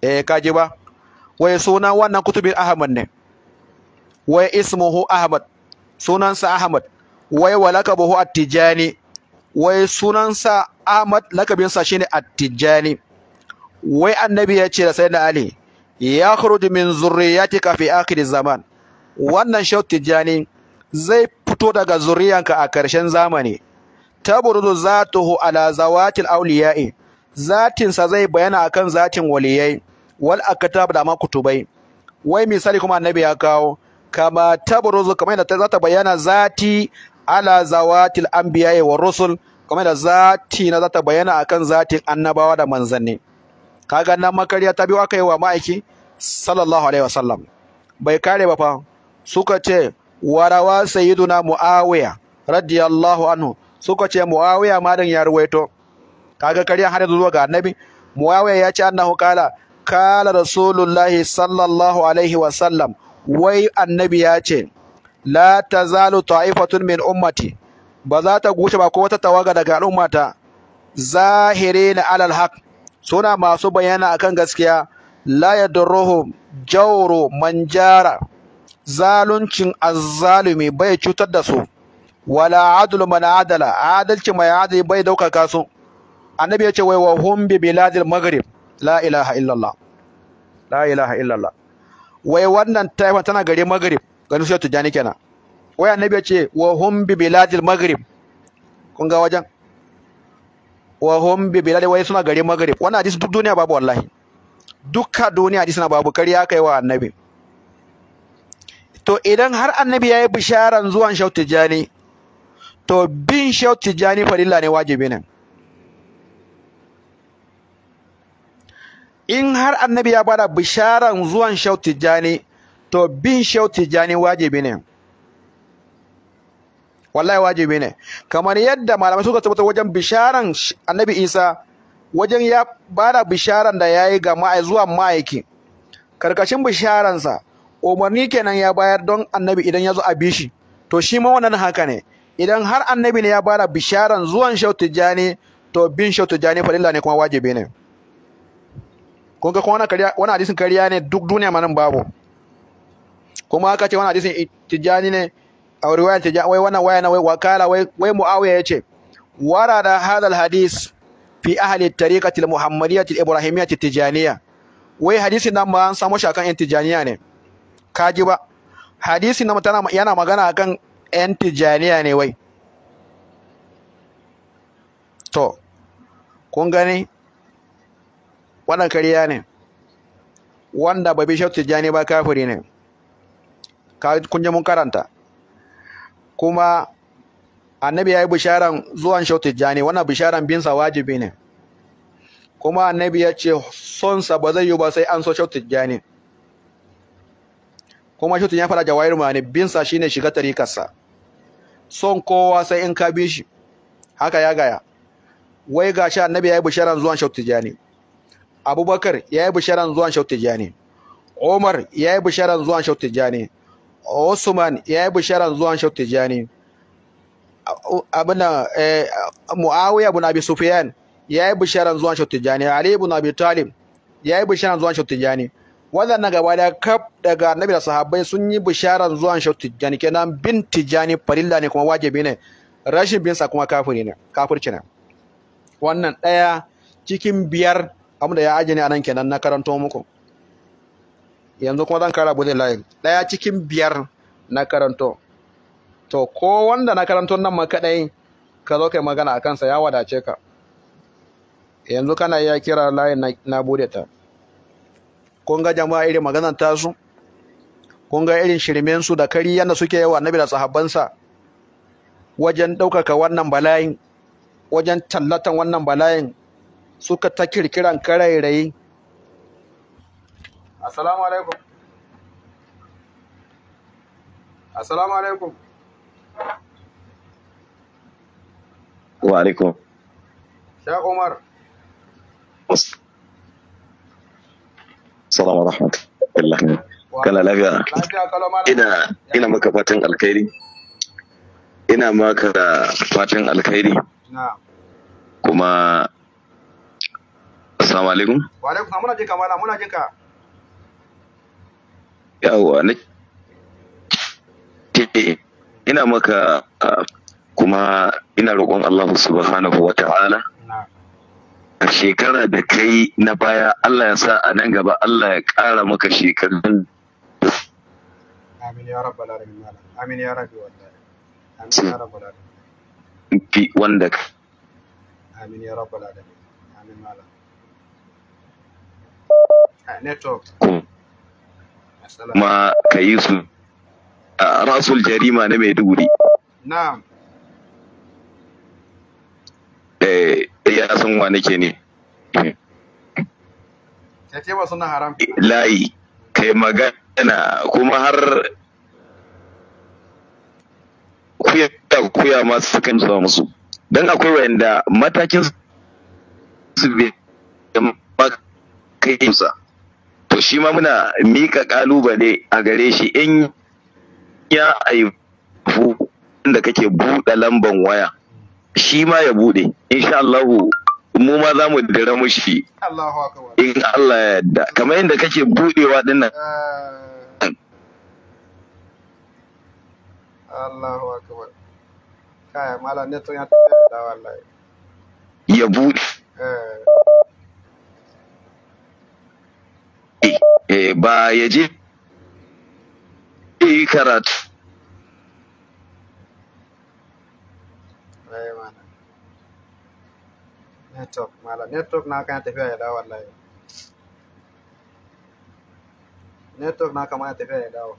eh ji ba wai sunan wannan kutubin ahmad ne wai ismuhu ahmad sunansa ahmad wai wa lakabuhu at-tijani wai sunansa ahmad lakabinsa shine at-tijani wai annabi ya ce da sayyidina ali ya khuruju min zurriyatika fi akhir zaman wannan shaut jani zai fito daga zuriyanka a karshen zamani taburdu zatuhu ala zawatil awliya'i zatin sa zai bayana akan zatin waliyai wal akatab da ma kutubai wai misali kuma annabi ya kawo kama taburdu kuma da za ta bayana zati ala zawatil anbiya'i war rusul kuma da zati na za ta bayyana akan zatin annabawa da manzanni kaga nan makarya ta biyu aka yi wa ma'aiki sallallahu alaihi wasallam bai kare ba fa suka ce warawa sayyiduna muawiya radiyallahu anhu suka ce muawiya ma dan ya ruwaito kaga kariya har zuwa ga annabi muawiya ya ce annahu kala kala rasulullahi sallallahu alaihi wasallam wai annabi ya ce la tazalu ta'ifatun min ummati ba za ta guce ba ko wata tawaga daga al'ummata zahirina alal haq suna masu bayana akan gaskiya la yadurruhum jawru manjara zaluncin azzalumi bai cutar da su wala adlu man adala adalci mai adali bai daukaka su annabi ya ce wai wa hum bi biladil maghrib la ilaha illallah la ilaha illallah wai wannan taifa tana gare maghrib ganin sai tujani kenan wai annabi ya ce wa hum bi biladil maghrib kun ga wajen wa hombe bela da wai suna gare magrib wannan hadisi duk duniya babu wallahi dukka duniya hadisi na babu kariya kai wa annabi to idan har annabi yayi bisharan zuwan shautu jani, to bin shau jani farilla ne wajibi ne in har annabi ya bada bisharan zuwan shautu jani, to bin shautu jani wajibi ne wallahi wajibi ne kamar yadda malamai suka tabbatar wajen bisharan annabi isa wajen ya bada bisharan da ya yi ga zuwa ma'aiki karkashin bisharansa umarni kenan ya bayar don annabi idan ya zo a bishi to shi ma wannan haka ne idan har annabi ne ya bada bisharan zuwan shau tijjani to bin shau tijjani falilla ne kuma wajibi ne kun ga kuma wani hadisin kariya ne duk duniya ma nan babu kuma haka ce wani hadisin tijjani ne a riwayar ta wai wannan waya na wai wakala wai wai muawiya yace warada hadal hadis fi ahli tariqati al-muhammadiyyah al-ibrahimiyyah Tijaniya. wai hadisin nan ma an samu shi akan yan tijaniya ne kaji ba hadisin nan yana magana akan yan tijaniya ne wai to kun gani wannan kariya ne wanda bai tijani ba kafiri ne kun je mun karanta kuma annabi ya yi bisharan zuwan shautijjani wannan bisharan binsa wajibi ne kuma annabi ya ce sonsa ba zai yi ba sai an so shautijjani kuma shautijjani ya fara jawahir mani binsa ne shiga tarikarsa son kowa sai in ka bi shi haka ya gaya wai ga shi annabi ya yi bisharan zuwan shautijjani abubakar ya yi bisharan zuwan shautijjani umar ya yi bisharan zuwan shautijjani Osman ya yi bisharar zuwan Shehu Tijjani abinda eh, Muawiya ibn Abi Sufyan ya yi bisharar zuwan Shehu Tijjani Ali ibn Abi Talib ya yi bisharar zuwan Shehu Tijjani waɗannan gaba da kaf daga annabi da sahabbai sun yi bisharar zuwan Shehu Tijjani kenan bin Tijjani farilla ne kuma wajibi ne rashin bin sa kuma kafiri ne kafirci ne wannan ɗaya cikin biyar abinda ya ajiye ne a nan kenan na karanto muku yanzu kuma zan kara bude layin ɗaya cikin biyar na karanto to ko wanda na karanto nan ma kadai ka zo kai magana a kansa ya wadace ka yanzu kana iya kira layin na bude ta kun ga jama'a irin maganar tasu kun ga irin shirmen su da kari yana suke yawa nabi da sahabbansa wajen ɗaukaka wannan bala'in wajen tallatan wannan balayin, suka ta kirkiran karairayi assalamu alaikum assalamu alaikum wa alaikum sha umar assalamu rahmatullahi kana lafiya ina ina maka fatan alkhairi ina maka fatan alkhairi kuma assalamu alaikum wa alaikum muna jinka muna jinka yawa na eh, ina maka kuma ina roƙon Allah subhanahu wa ta'ala a shekara da kai na baya Allah ya sa a nan gaba Allah ya ƙara maka shekarun amin ya rabbal alamin amin ya rabbi wallahi amin ya rabbal alamin fi wanda ka amin ya rabbal alamin amin malam network Ma ka yi su a rasul jarima na maiduguri na'am eh ya san wa nake ne ya ce ba suna haram layi kai magana kuma har kuya kuya ma sukan zuwa musu dan akwai wanda matakin su bai kai sa to shi ma muna mika kalubale a gare shi in ya aifu da kake buɗe lamban waya shi ma ya buɗe insha Allah mu ma za mu dira mushi in Allah ya yarda kamar yadda kake buɗewa din nan eh. Allahu akbar kaya mala neto ya tafi da wallahi ya buɗe eh. Eh, ba ya je karatu network malam network na kan tafiya ya dawo wallahi network na tafiya ya dawo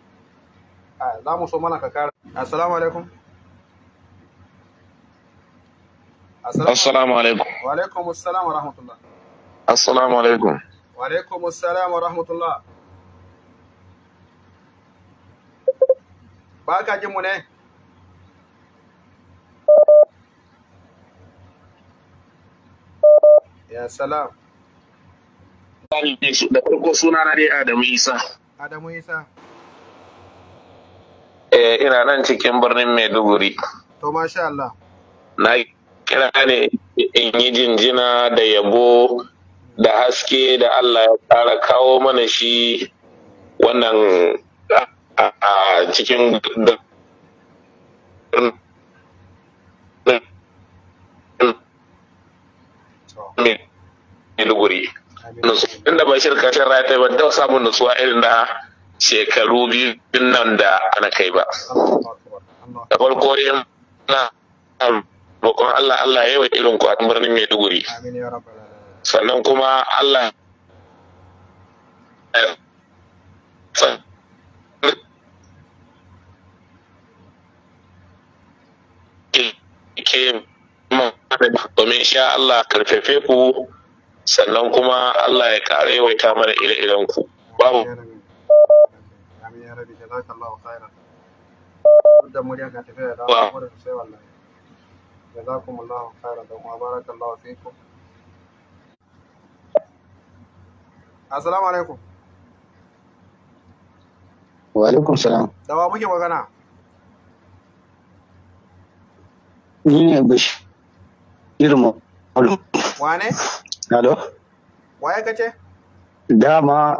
a za mu so mana ka kara assalamu alaikum assalamu alaikum wa alaikum assalam wa rahmatullah assalamu alaikum Wa alaikum assalam wa rahmatullah. Ba ka jin ne? Ya salam. Da farko suna na dai Adamu Isa. Adamu Isa. Eh, ina nan cikin birnin Maiduguri. To, masha Allah. Na kira ne in yi jinjina da yabo da haske da Allah ya ƙara kawo mana shi wannan a cikin Maiduguri. Inda Bashir ta Rata ba ta samun nutsuwa irin na shekaru biyu nan da ana kai ba. Da farko yin na roƙon Allah Allah yawan irin ku a birnin Maiduguri. Amin ya sannan kuma Allah domin sha Allah karfefe ku sannan kuma Allah ya kare mana ire-iren ku babu jazakumullahu khairan fikum Assalamu alaikum. Wa alaikum salam. Da wa muke magana? Ni ne Bashir Irmo. Hello. Wane? Halo. Waye kace? Dama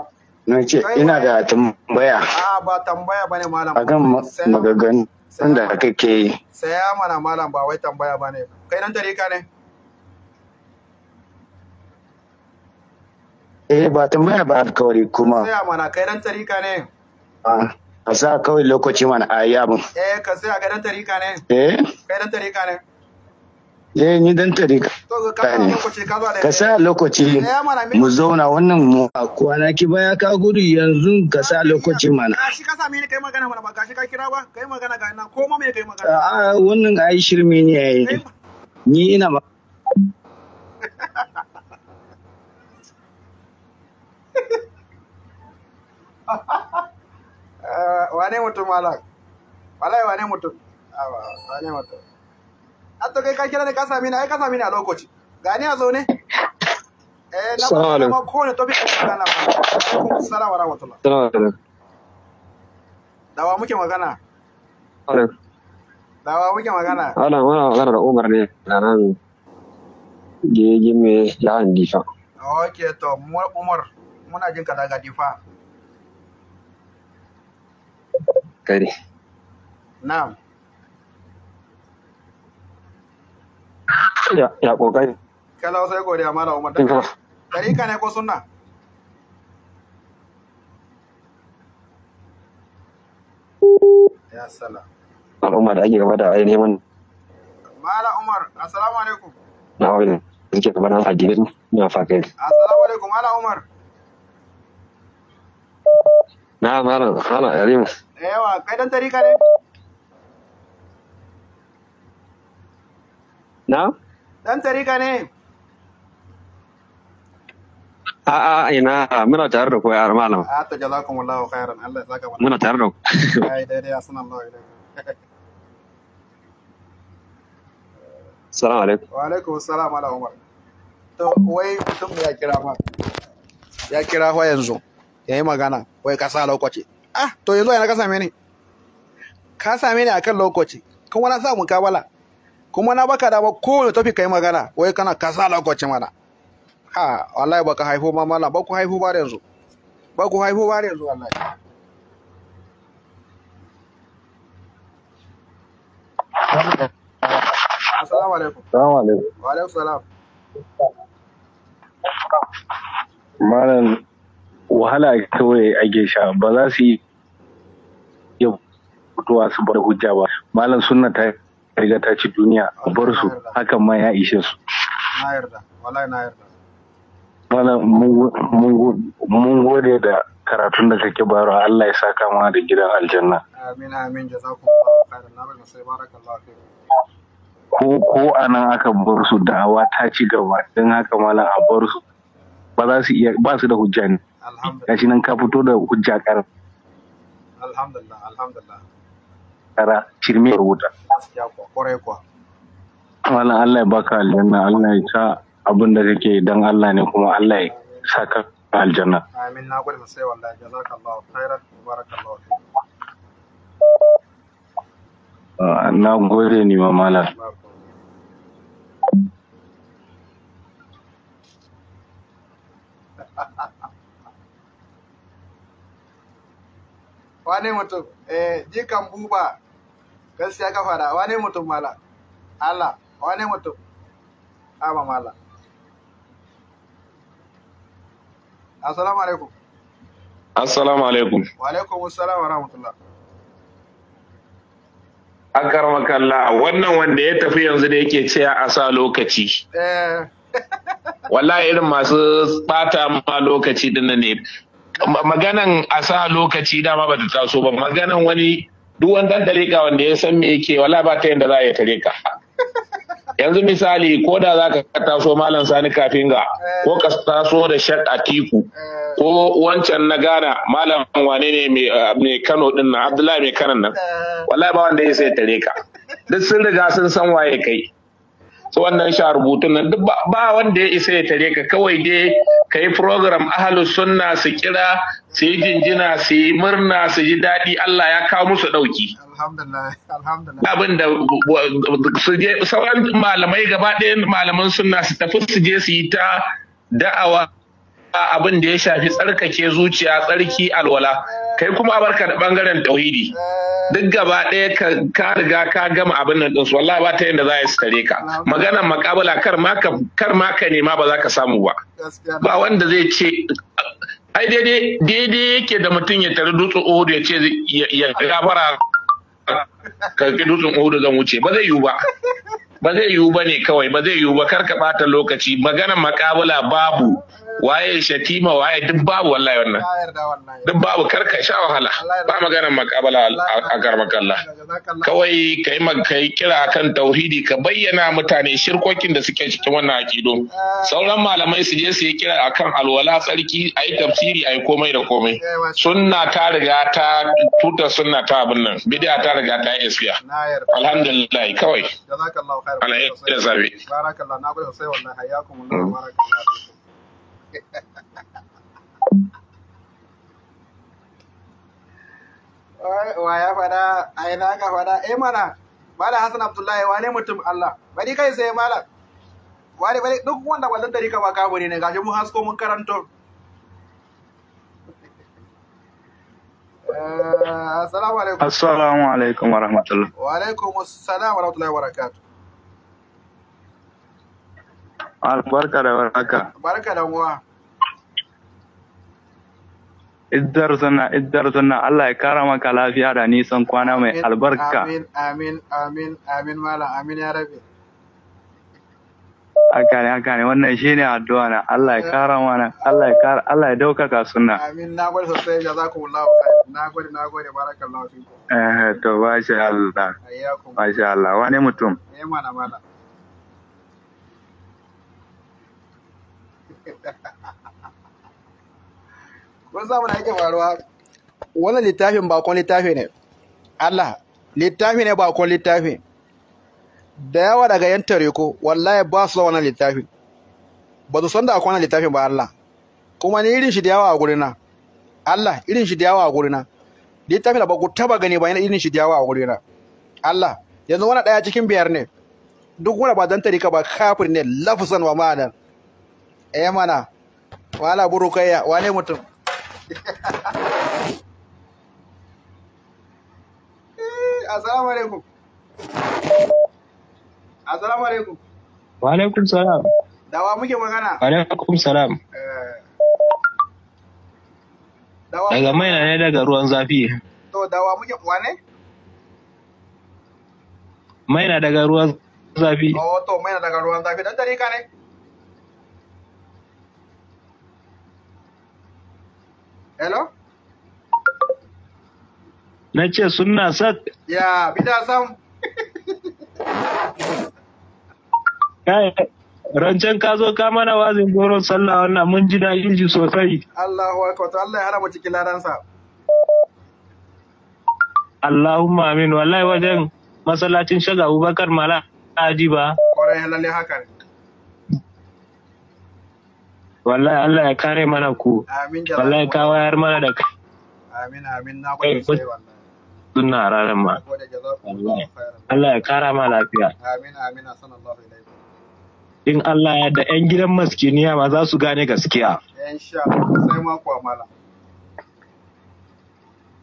na ce ina da tambaya. Ah ba tambaya bane malam. A kan magagan da kake yi. Saya mana malam ba wai tambaya bane. Kai nan tarika ne? Eh ba ta mai ba alkawari kuma. Saya mana kai dan tarika ne. Ka sa kawai lokaci mana a yi abin. Eh ka sa kai dan tarika ne. Eh. Kai dan tarika ne. Eh ni dan tarika. To ka lokaci ka zo da. Ka sa lokaci eh, mu zauna wannan mu a kwanaki baya ka gudu yanzu ka sa lokaci mana. Shi ka sa mini kai magana mana ba gashi ka kira ba kai magana ga ina ko ma me kai magana. A wannan ai shirme ne yayi. Ni ina ma. Eh, wane mutum alak wallahi wane mutum wane mutum an ah, to kai ka kira ne kasa mina ai kasa mina a lokaci gani a zaune eh na kuma kowane topic ka kana ma assalamu alaikum assalamu alaikum dawa muke magana dawa muke magana ana mana magana da Umar ne da nan gege me ya difa ok to Umar muna jin ka daga difa kare na'am ya ya kokari Kala sai godiya mala umar da tarika ne ko sunna ya sala Umar da ake gaba da ainihin mala umar assalamu alaikum na wani suke kamar na fagilin na fakai assalamu alaikum mala umar na mala mala yarimu Ewa, yawa kai dan tarika ne na dan ka ne A'a ina muna tare da koyar malam. A ah, ta jazakumullahu khairan Allah ya saka Muna tare da ku. Ai daidai ya sanan Allah Assalamu alaikum. Wa alaikum assalam ala Umar. To wai mutum ya kira ma? Ya kira fa yanzu. Yayi magana wai kasa lokaci. ah to yanzu yana ka same ni ka same ni akan lokaci kuma na samu kawala. kuma na baka dama ne tafi kai magana wai kana kasa lokaci mana ha wallahi baka haifo ma mallam ba ku haifo ba yanzu ba ku haifo ba yanzu wallahi Assalamu alaikum. Assalamu alaikum. Wa alaikum salam. Malam wahala kawai ake sha ba za su yi fitowa su bar hujja ba malam sunna ta riga ta ci duniya a bar su hakan ma ya ishe su mun gode da karatun da kake baro Allah ya saka mana da gidan aljanna amin amin jazakumullahu khairan na bari sai barakallahu fiik ko ko anan aka bar su da'awa ta ci gaba don haka malam a bar su ba za su iya ba su da hujja ne gashi nan ka fito da hujja kar alhamdulillah alhamdulillah kara shirme rubuta wala Allah ya baka aljanna Allah ya sa abin da kake dan Allah ne kuma Allah ya saka aljanna amin na gode sai wallahi jazakallahu khairan barakallahu ah, na gode ni ma malam wane mutum eh jikan buba gaskiya ka fara wane mutum mala Allah wane mutum ama mala assalamu alaikum assalamu alaikum wa alaikum assalam wa rahmatullah akar makalla wannan wanda ya tafi yanzu da yake cewa a sa lokaci eh. wallahi irin masu bata ma lokaci din ne maganan a sa lokaci dama ba ta taso ba maganan wani duk wani dan tarika wanda ya san me yake wala ba ta yadda za ya tare ka yanzu misali ko da za ka taso malam sani kafin ga eh. ko ka taso da shak tiku eh. ko wancan na gana malam wane ne mai eh, kano din nan abdullahi mai kanan nan wala ba wanda ya sai tare ka duk sun riga sun san waye kai su wannan sha rubutun nan duk ba wanda ya isa ya tare ka kawai dai ka yi program ahalu sunna su kira su yi jinjina su yi murna su ji daɗi Allah ya kawo musu ɗauki. Abin da su je sauran malamai gaba ɗaya malaman sunna su tafi su je su yi ta da'awa abin da ya shafi tsarkake zuciya tsarki alwala kai kuma a barka da bangaren tauhidi duk gaba ɗaya ka riga ka gama abin nan ɗinsu wallahi ba ta yadda za a yi ka maganar makabala kar ma ka nema ba za ka samu ba ba wanda zai ce ai daidai yake da mutum ya tare dutsen ohudu ya ce ya gafara dutsen Odu zan wuce ba zai yiwu ba ba zai yiwu ba ne kawai ba zai yiwu ba kar ka bata lokaci maganar makabala babu waye shatima waye duk babu wallahi wannan duk babu karka sha wahala ba maganar makabala a kalla. kawai kai kai kira kan tauhidi ka bayyana mutane shirkokin da suke cikin wannan aqido eh. sauran malamai su je su yi kira akan alwala tsarki ayi tafsiri ayi komai da komai eh, sunna ta riga ta tuta sunna ta abin nan bid'a ta riga ta yi iskiya alhamdulillah kawai jazakallahu khairan alaikum sabi barakallahu na gode wannan hayyakum hmm. barakallahu wa ya fada a ina ka fada eh mana malam Hassan Abdullahi wane mutum Allah bari kai sai malam wani bari duk wanda wannan dari ka baka kawo ne gashi mun hasko mun karanto eh, assalamu alaikum assalamu alaikum wa rahmatullahi. wa alaikum assalam wa rahmatullahi wa barakatuh Albarka da baraka Barka da uwa. Iddar sana, iddar sana, Allah ya kara maka lafiya da nisan kwana mai albarka. Amin, amin, amin, amin, mala amin ya rabe. Haka ne, haka ne, wannan shi ne addu'a na Allah ya eh, kara mana, Allah ya kara, Allah ya daukaka suna. Amin, na gode sosai, da za ku wula na gode, na gode, barakan lafiya. Eh, to, ba shi Allah, ba shi Allah, wani mutum. Eh, mana, mana. kun samu na yake faruwa wannan littafin bakon littafi ne Allah littafi ne bakon littafi da yawa daga yan tareko wallahi ba su wannan littafi. ba su san da akwai wannan littafin ba Allah kuma ni irin shi da yawa a gurina Allah irin shi da yawa a gurina littafin da ba ku taba gani ba irin shi da yawa a gurina Allah yanzu wani daya cikin biyar ne duk wani ba dan tarika ba kafir ne lafsan wa ma'anar eh mana wala buru burukayya wane mutum eh, assalamu alaikum assalamu alaikum wa alaikum salam dawa muke magana wa alaikum salam eh. daga mai ne daga ruwan zafi to dawa muke wane mai na daga ruwan zafi oh to mai na daga ruwan zafi dan dare ka ne hello na ce sunna sat. ya bida sam rancen ka zo ka mana wazin goron sallah wannan mun ji daɗin ji sosai Allahu akbar Allah ya haraba cikin ladansa Allahumma amin wallahi wajen masallacin shaga Abubakar Mala Aji ba kwarai lalle haka ne wallahi Allah ya kare mana ku wallahi ka wayar mana da kai amin amin na gode eh, sai wallahi sunna ranar ma Allah ya kara ma lafiya amin amin sallallahu alaihi in Allah ya da yan gidan maskiniya ma za su gane gaskiya insha Allah sai ma ku amala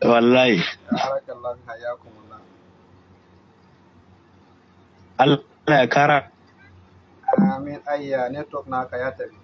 wallahi Allah ya kara amin ayya network naka ya tafi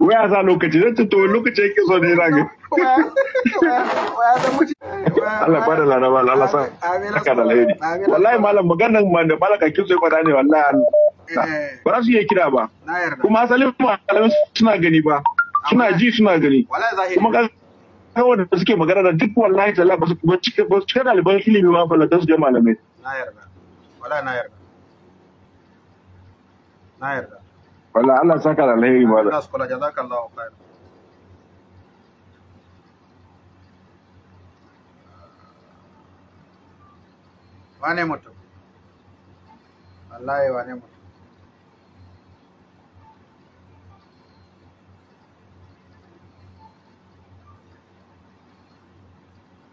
waya sa lokaci zan ce to lokaci yake so ne na ga Allah ba da laraba Allah sa haka da lahiri wallahi malam maganan ma da malaka kin so kwada ne wallahi ba za su iya kira ba kuma asalin malamai suna gani ba suna ji suna gani kuma ka kawai da suke magana da duk wallahi talla ba su ba cika ɗaliban ilimi ma ba su ga malamai na yarda wala na yarda na yarda Wala Allah saka da alheri da. Wane mutum?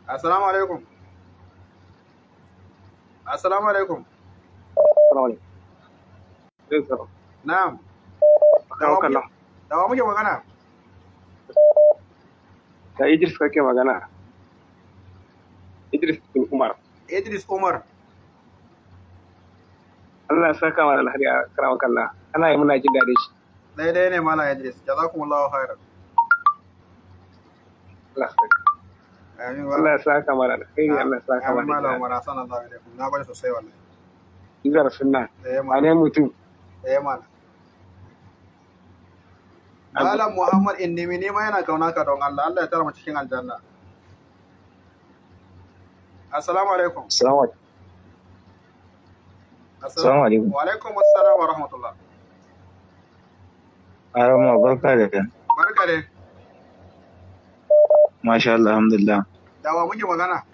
Assalamu alaikum. Assalamu alaikum. Assalamu alaikum. Na'am. dawa dawa muke magana da Idris ka ke magana Idris bin Umar Idris Umar Allah ya ka mana alhari a karawa kalla ana yi muna jin daɗin shi daidai ne mala Idris jazakumullahu khairan Allah saka Allah ya mara mana alheri Allah ya saka mana mala Umar sanan da na gode sosai wallahi Izar sunna a ne mutum eh mala Malam Muhammad in nemi nema yana kauna ka don Allah Allah ya tara mu cikin aljanna Assalamu alaikum Assalamu alaikum Assalamu alaikum Wa alaikum assalam wa rahmatullah Arama barka da kai Barka da Masha Allah alhamdulillah Dawa muke magana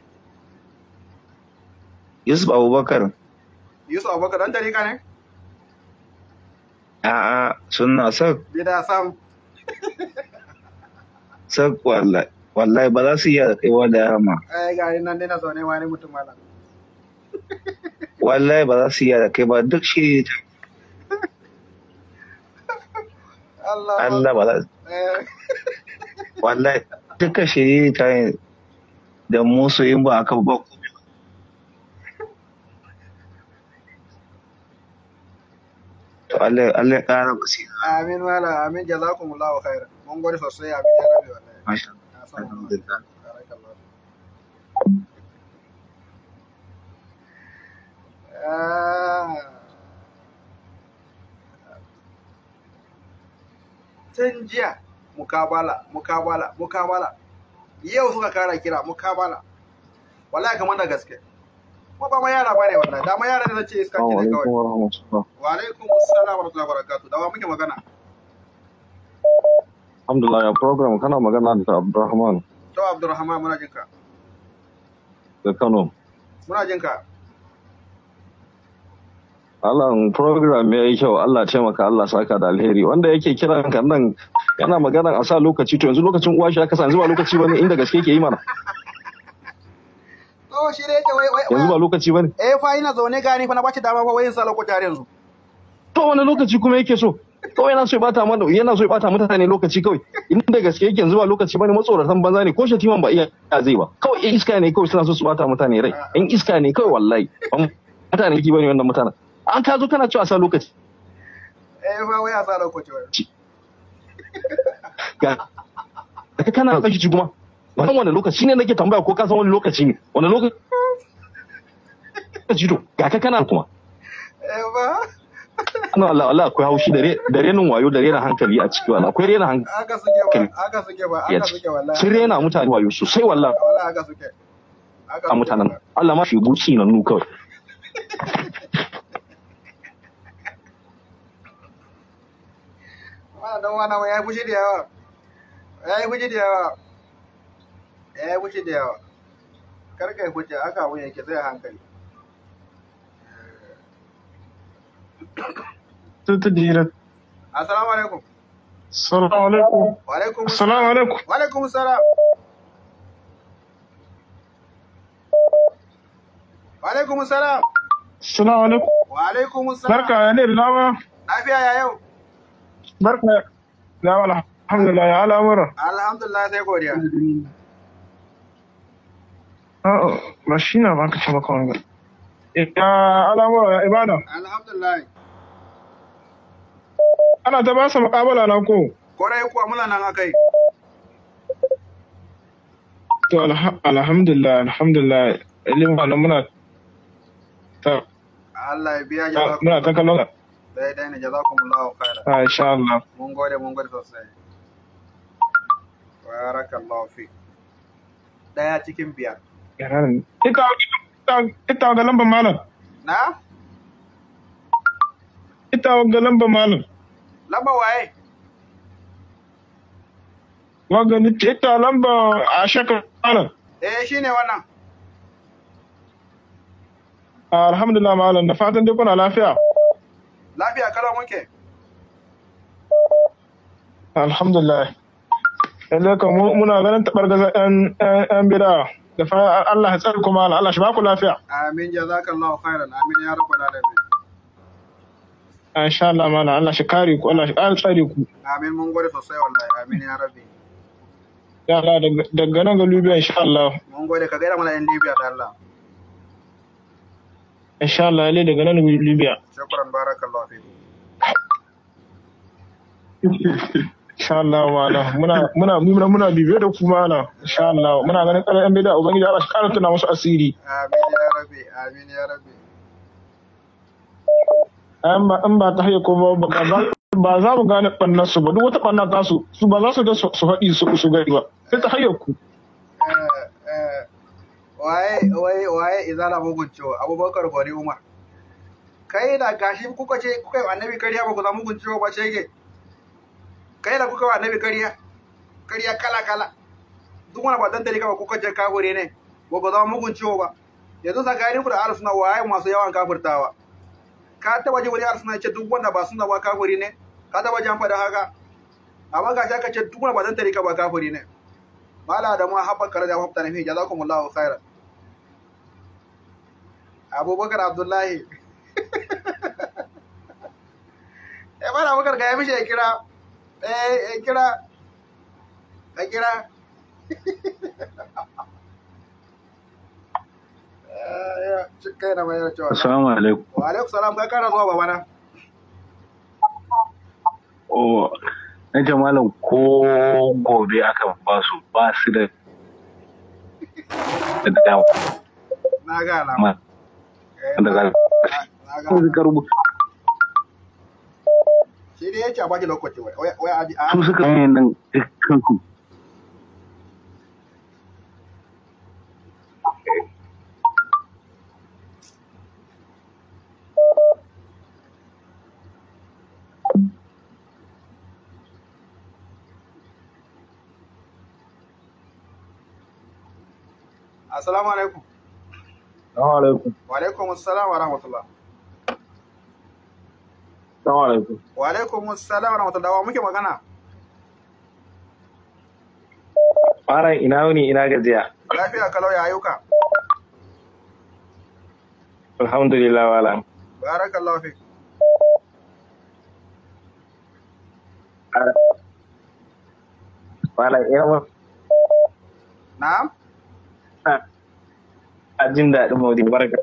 Yusuf Abubakar Yusuf Abubakar dan tarika ne A'a sunna sak Bida sam Sak wallahi. Wallahi ba za su iya kaiwa da yamma Ai ga ina ne na zaune wani mutum malam. Wallahi ba za su iya da kai ba duk shi Allah ba za eh. Wallahi duka shiri ta da musu in ba aka bako to Allah Allah ya ƙara basira amin wala amin jazakumullahu wa khairan mun gode sosai amin ya rabi wallahi masha Allah alhamdulillah ah. Tun jiya mukabala mukabala mukabala yau suka kara kira mukabala wallahi kamar da gaske ko ba ma yara ba ne da ma yara da ce iska ke kawai wa alaikum assalam wa rahmatullahi wa barakatuh da wa muke magana alhamdulillah ya program kana magana da abdurrahman to abdurrahman muna jinka da kano muna jinka Allah program ya yi kyau Allah taimaka Allah saka da alheri wanda yake kiran ka nan yana magana a sa lokaci to yanzu lokacin uwa shi aka sa yanzu ba lokaci bane inda gaske ke yi mana to shi dai wai wai yanzu ba lokaci bane eh fa ina zaune ga ni fa na bace dama fa wayin salo ko tare yanzu to wani lokaci kuma yake so kawai yana so ya bata mana yana so ya bata mutane lokaci kawai inda gaske yake yanzu ba lokaci bane matsoratan banza ne ko shatiman ba iya zai ba kawai in iska ne kawai suna so su bata mutane rai in iska ne kawai wallahi mutane ki bane wannan mutanen an ka zo kana cewa a sa lokaci eh fa wai a sa lokaci ga kana son shi kuma wannan wani lokaci ne nake tambaya ko ka san wani lokaci ne wani lokaci to ga ka kana kuma ana Allah Allah akwai haushi da da renin wayo da rena hankali a ciki wallahi akwai rena hankali aka suke ba aka suke ba aka suke wallahi sun rena mutane wayo su sai wallahi wallahi aka suke a mutanen Allah ma shi buci nan nu kawai Wala dan wana ya fushi da yawa. Ya yi fushi da yawa. ɗaya eh, da yawa karkai wuce alaikum assalamu alaikum alaikum alaikum alaikum salam alaikum salam assalamu alaikum alaikum salam barka ya ne da lawa lafiya ya yau barka ya wala alhamdulillah ya al'amura alhamdulillah sai godiya Mashina ah, ba shi na baka ci baka wani. Ina al'amura ya ibada. Alhamdulillah. Ana ta ba basa muƙabala na ko. Kwarai kuwa muna nan akai. To alhamdulillah alhamdulillah ilimin nan muna ta. Allah ya biya jazakum. Muna ta kallon. Daidai ne jazakumullahu khairan. Ha ah, insha Allah. Mun gode mun gode sosai. Barakallahu fik. Daya cikin biyar. Yararan. Ita ga lamba malam. Na? Ita ga lamba malam. Lamba waye? Wagani ita lamba a shakar malam. Eh shi ne wannan. Alhamdulillah malam da fatan dai kuna lafiya. Lafiya kalau muke. Alhamdulillah. yanzu ka muna ganin tabar gaza yan bida da fa Allah ya tsare kuma Allah shi ba ku lafiya amin jazakallahu khairan amin ya rabbal alamin ah, insha Allah mala Allah shi kare ku Allah shi kare ku amin mun gode sosai wallahi amin ya rabbi ya Allah daga nan ga Libya insha Allah mun gode ka gaira mana yan Libya da Allah insha Allah ne daga nan Libya shukran barakallahu fiku insha Allah wala muna muna muna muna da kuma na. insha Allah muna ganin ƙarar yan bid'a ubangiji Allah ƙara tuna musu asiri amin ya rabbi amin ya rabbi ba ta hayya ko ba ba za mu gane bannan su ba duk wata bannan ta su su ba za su ga su haɗi su su gari ba sai ta hayya ku eh, eh. waye waye waye izala wa abubakar gori umar kai da gashi kuka ce kuka yi annabi kariya ba ku za muguncewa ba shege kai da kuka wa annabi kariya kariya kala kala duk wani ba dan dare ka kuka je kafure ne ba ba za mu muguncewa ba yanzu tsakanin ku da arsuna waye masu yawan kafurtawa. ka taba ji wani arsuna ya ce duk wanda ba suna ba kafure ne ka taba ji an faɗa haka amma ga ka ce duk wanda ba dan dare ka ba kafiri ne mala da mu haɓa kare da hafta nafi jazakumullahu khairan abubakar abdullahi ya fara eh, abubakar ga ya mishi ya kira Eh, eh kira ka eh, kira eh, kai na mayar assalamu alaikum wa alaikum salam ka babana oh, na ko gobe aka ba sai dai yace a baki lokaci wai a nan dukkan ku Assalamu alaikum. Wa alaikum assalam wa rahmatullah. Assalamu alaikum. Wa alaikum assalam wa rahmatullahi wa muke magana. Faran ina wuni ina gajiya. Lafiya kalau ya ayyuka. Alhamdulillah wala. Barakallahu fik. Wala yawa. Na'am. Ah, ajin jin daɗin maudi baraka.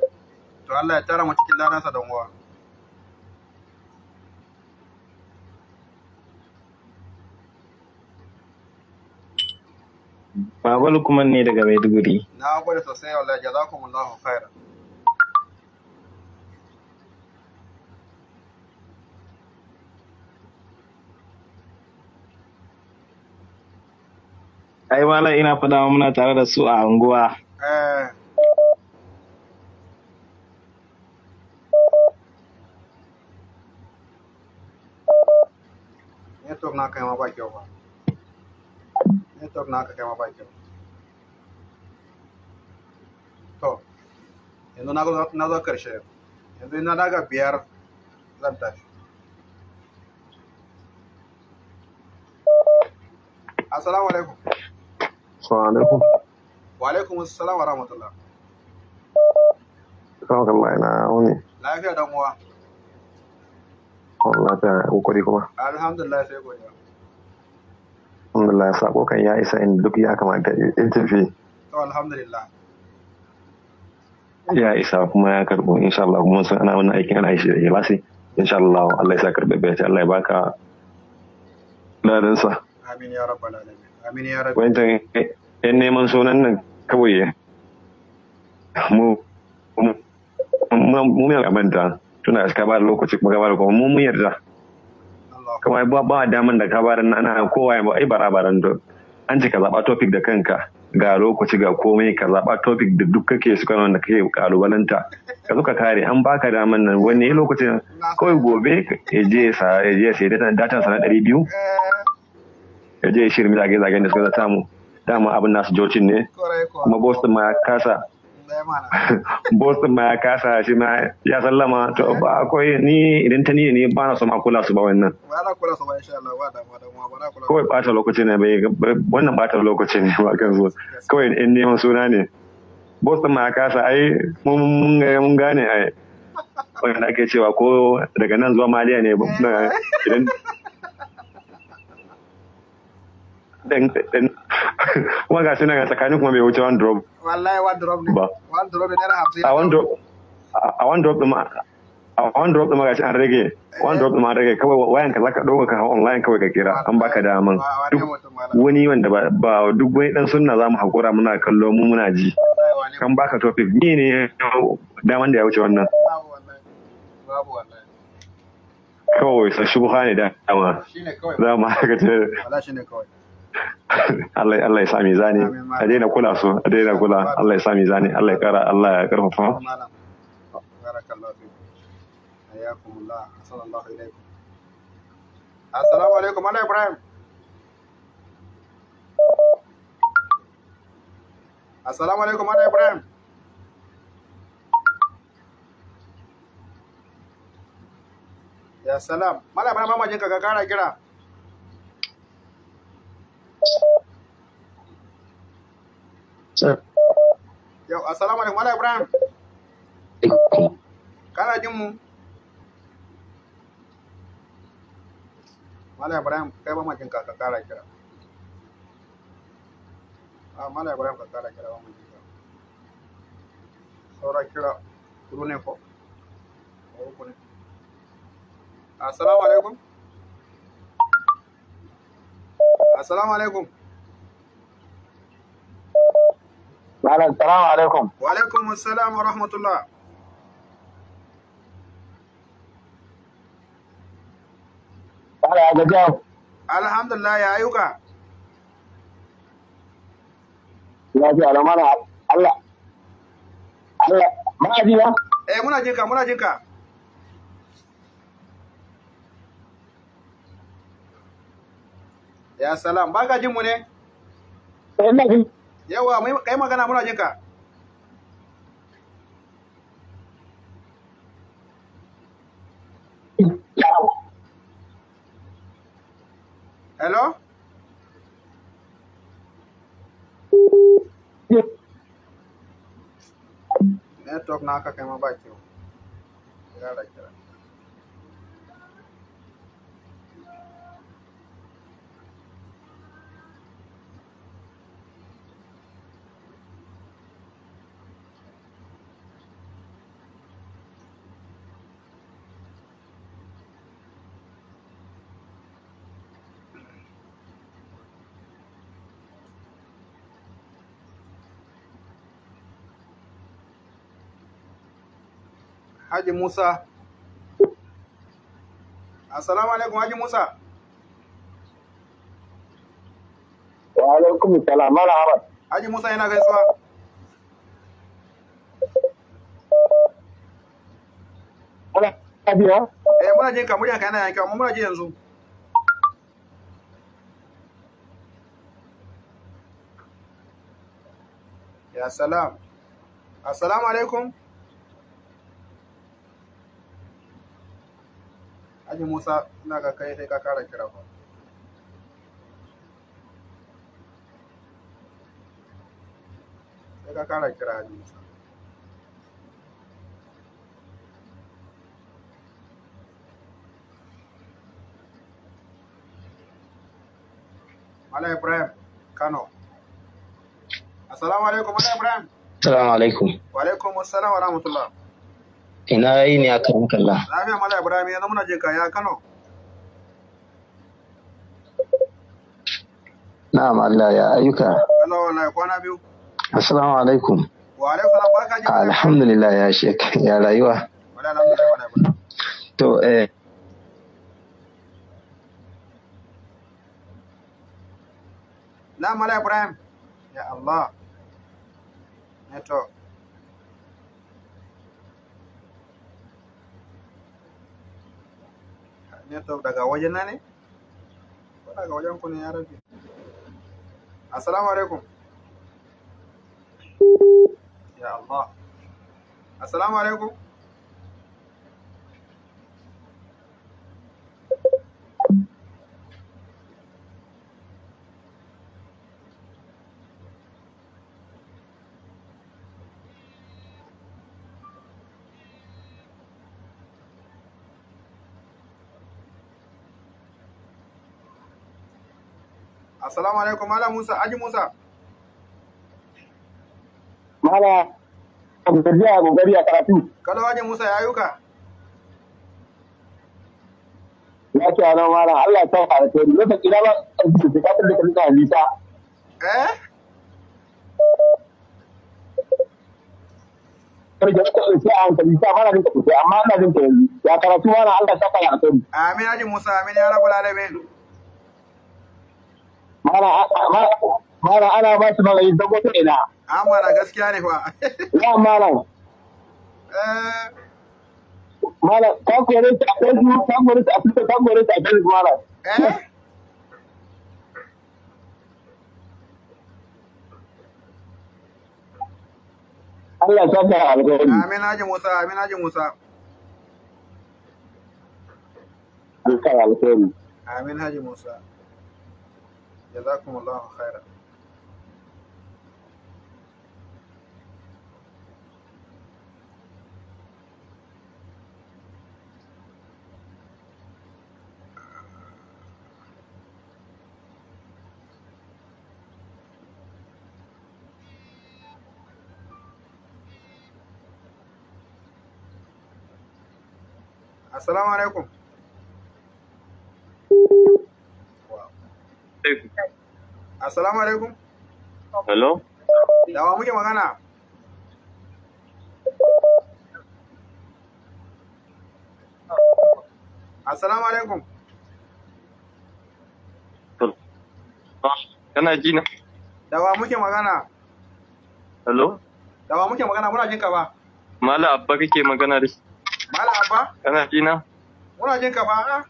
To Allah ya tara mu cikin lanansa don uwa. Baba Lukman ne daga Maiduguri. Na gode sosai wallahi jazakumullahu khairan. Ai mala ina fada muna tare da su a unguwa. Ya eh. na kai ma ba kyau ba. fitar naka kai ma to yanzu na zo karshe yanzu na daga biyar zan assalamu alaikum alaikum wa alaikum assalam wa rahmatullah lafiya dan uwa ta kokari kuma alhamdulillah sai godiya alhamdulillah sako kan ya isa in duk ya kamata in tafi to ya isa kuma ya karbo insha Allah kuma sun ana wannan aikin ana shi da ikhlasi insha Allah Allah ya sa karbe bai Allah ya baka ladan amin ya rabbal amin ya yan neman sunan nan kawai mu mu mu mu mu mu mu mu mu mu mu kuma ba ba daman da ka na ana kowa ya ai bara don an ce ka zaba topic da kanka ga lokaci ga komai ka zaba topic da duk kake suka da kake kalubalanta ka zo ka kare an baka damar nan wani lokacin kawai gobe ya je sa ya je sai da data sana 200 ya je shirmi zage zagen da suka samu dama abin nasu jocin ne kuma boss ma kasa Boston ma ya kasa shi ma ya sallama to ba akwai ni idan ta ni ne ba na so ma kula su ba wannan. Ba na kula su ba insha Allah ba ba na kula. Kawai bata lokaci ne bai wannan bata lokaci ne ba kan zo. Kawai in neman suna ne. Boston ma ya kasa ai mun mun gane ai. Wanda ake cewa ko daga nan zuwa Maliya ne idan Wanga kuma ga tsakanin kuma bai wuce wani drop. wallahi one drop a one drop a one drop an rage kawai wayan ka ɗauka ka online kawai ka kira an baka daman duk wani wanda ba duk wani dan sunna zamu hakura muna kallo mu muna ji kan baka topic ni ne daman da ya wuce wannan kawai shubha ne da za mu ce Allah ya sa mizani a daina kula su a daina kula Allah ya sa mizani Allah ya kara Allah ya karfafa Assalamu alaikum Allah Ibrahim Assalamu alaikum Allah Ibrahim Ya salam Mala Ibrahim mama jinka ka kara kira Yau, assalamu alaikum, Mala Ibrahim. Kana jin mu? Mala Ibrahim, kai ba majin ka kara kira. Ah, Mala Ibrahim ka kara kira ba majin ka. Saura kira, kuru ne ko? Assalamu alaikum. Assalamu alaikum. Assalamu salamu alaikum. Wa alaikum assalam wa rahmatullah. Malam, gajiya. Alhamdulillah ya ayyuka. Ya da mana Allah. Allah, muna ji Eh, muna jinka, muna jinka. Ya salam, jin mu ne? Yawa, mai kai magana muna ka. Hello? Network kai ma Ya Haji Musa. Assalamu alaikum Haji Musa. Wa alaikum salam marhaba. Haji Musa yana gaisuwa. Ala Abiya. Eh muna jin ka murya ka yana yanka yankewa muna ji yanzu. Ya salam. Assalamu alaikum. Haji Musa ina ga kai sai ka kara kira ba. Sai ka kara kira Haji Musa. Mala Ibrahim Kano. Assalamu alaikum Mala Ibrahim. Assalamu alaikum. Wa alaikum assalam wa rahmatullah. ina yi ne aka yi kalla lafiya mala ibrahim yanzu muna je kaya kano na'am Allah ya ayyuka Allah wallahi kwana biyu assalamu alaikum wa alaikum salam baka ji alhamdulillah ya shek ya rayuwa to eh na mala ibrahim ya Allah network network daga wajen na ne ko daga wajen ku ne ya rabi assalamu alaikum ya Allah assalamu alaikum assalamu alaikum mala musa aji musa mala abu tafiya a gogari a karatu kalau aji musa ya yuka ya ce ana mala allah ta fara ta yi lokacin ina ba a cikin bukatar da kalita halitta eh karje ka ɗauki a hankali ta fara rinka kuce amma ina jin ta yanzu ya karatu mana allah ta fara ta yi amin aji musa amin ya rabu lalabe mara ana ba su mara yin zango ta ina a ah, gaskiya ne fa ya mara eh. mara ta kore ta a facebook ta kore ta a twitter ta kore ta a facebook mara Allah saka alkhairi amin haji musa amin haji musa Allah alkhairi amin haji musa جزاكم الله خيرا السلام عليكم alaikum. Assalamu alaikum. Hello. Dawa muke magana. Assalamu alaikum. Kana ji na? Dawa muke magana. Hello. Dawa muke magana muna jin ka ba. Mala Abba kake magana da shi. Mala Abba? Kana ji na? Muna jin ka ba.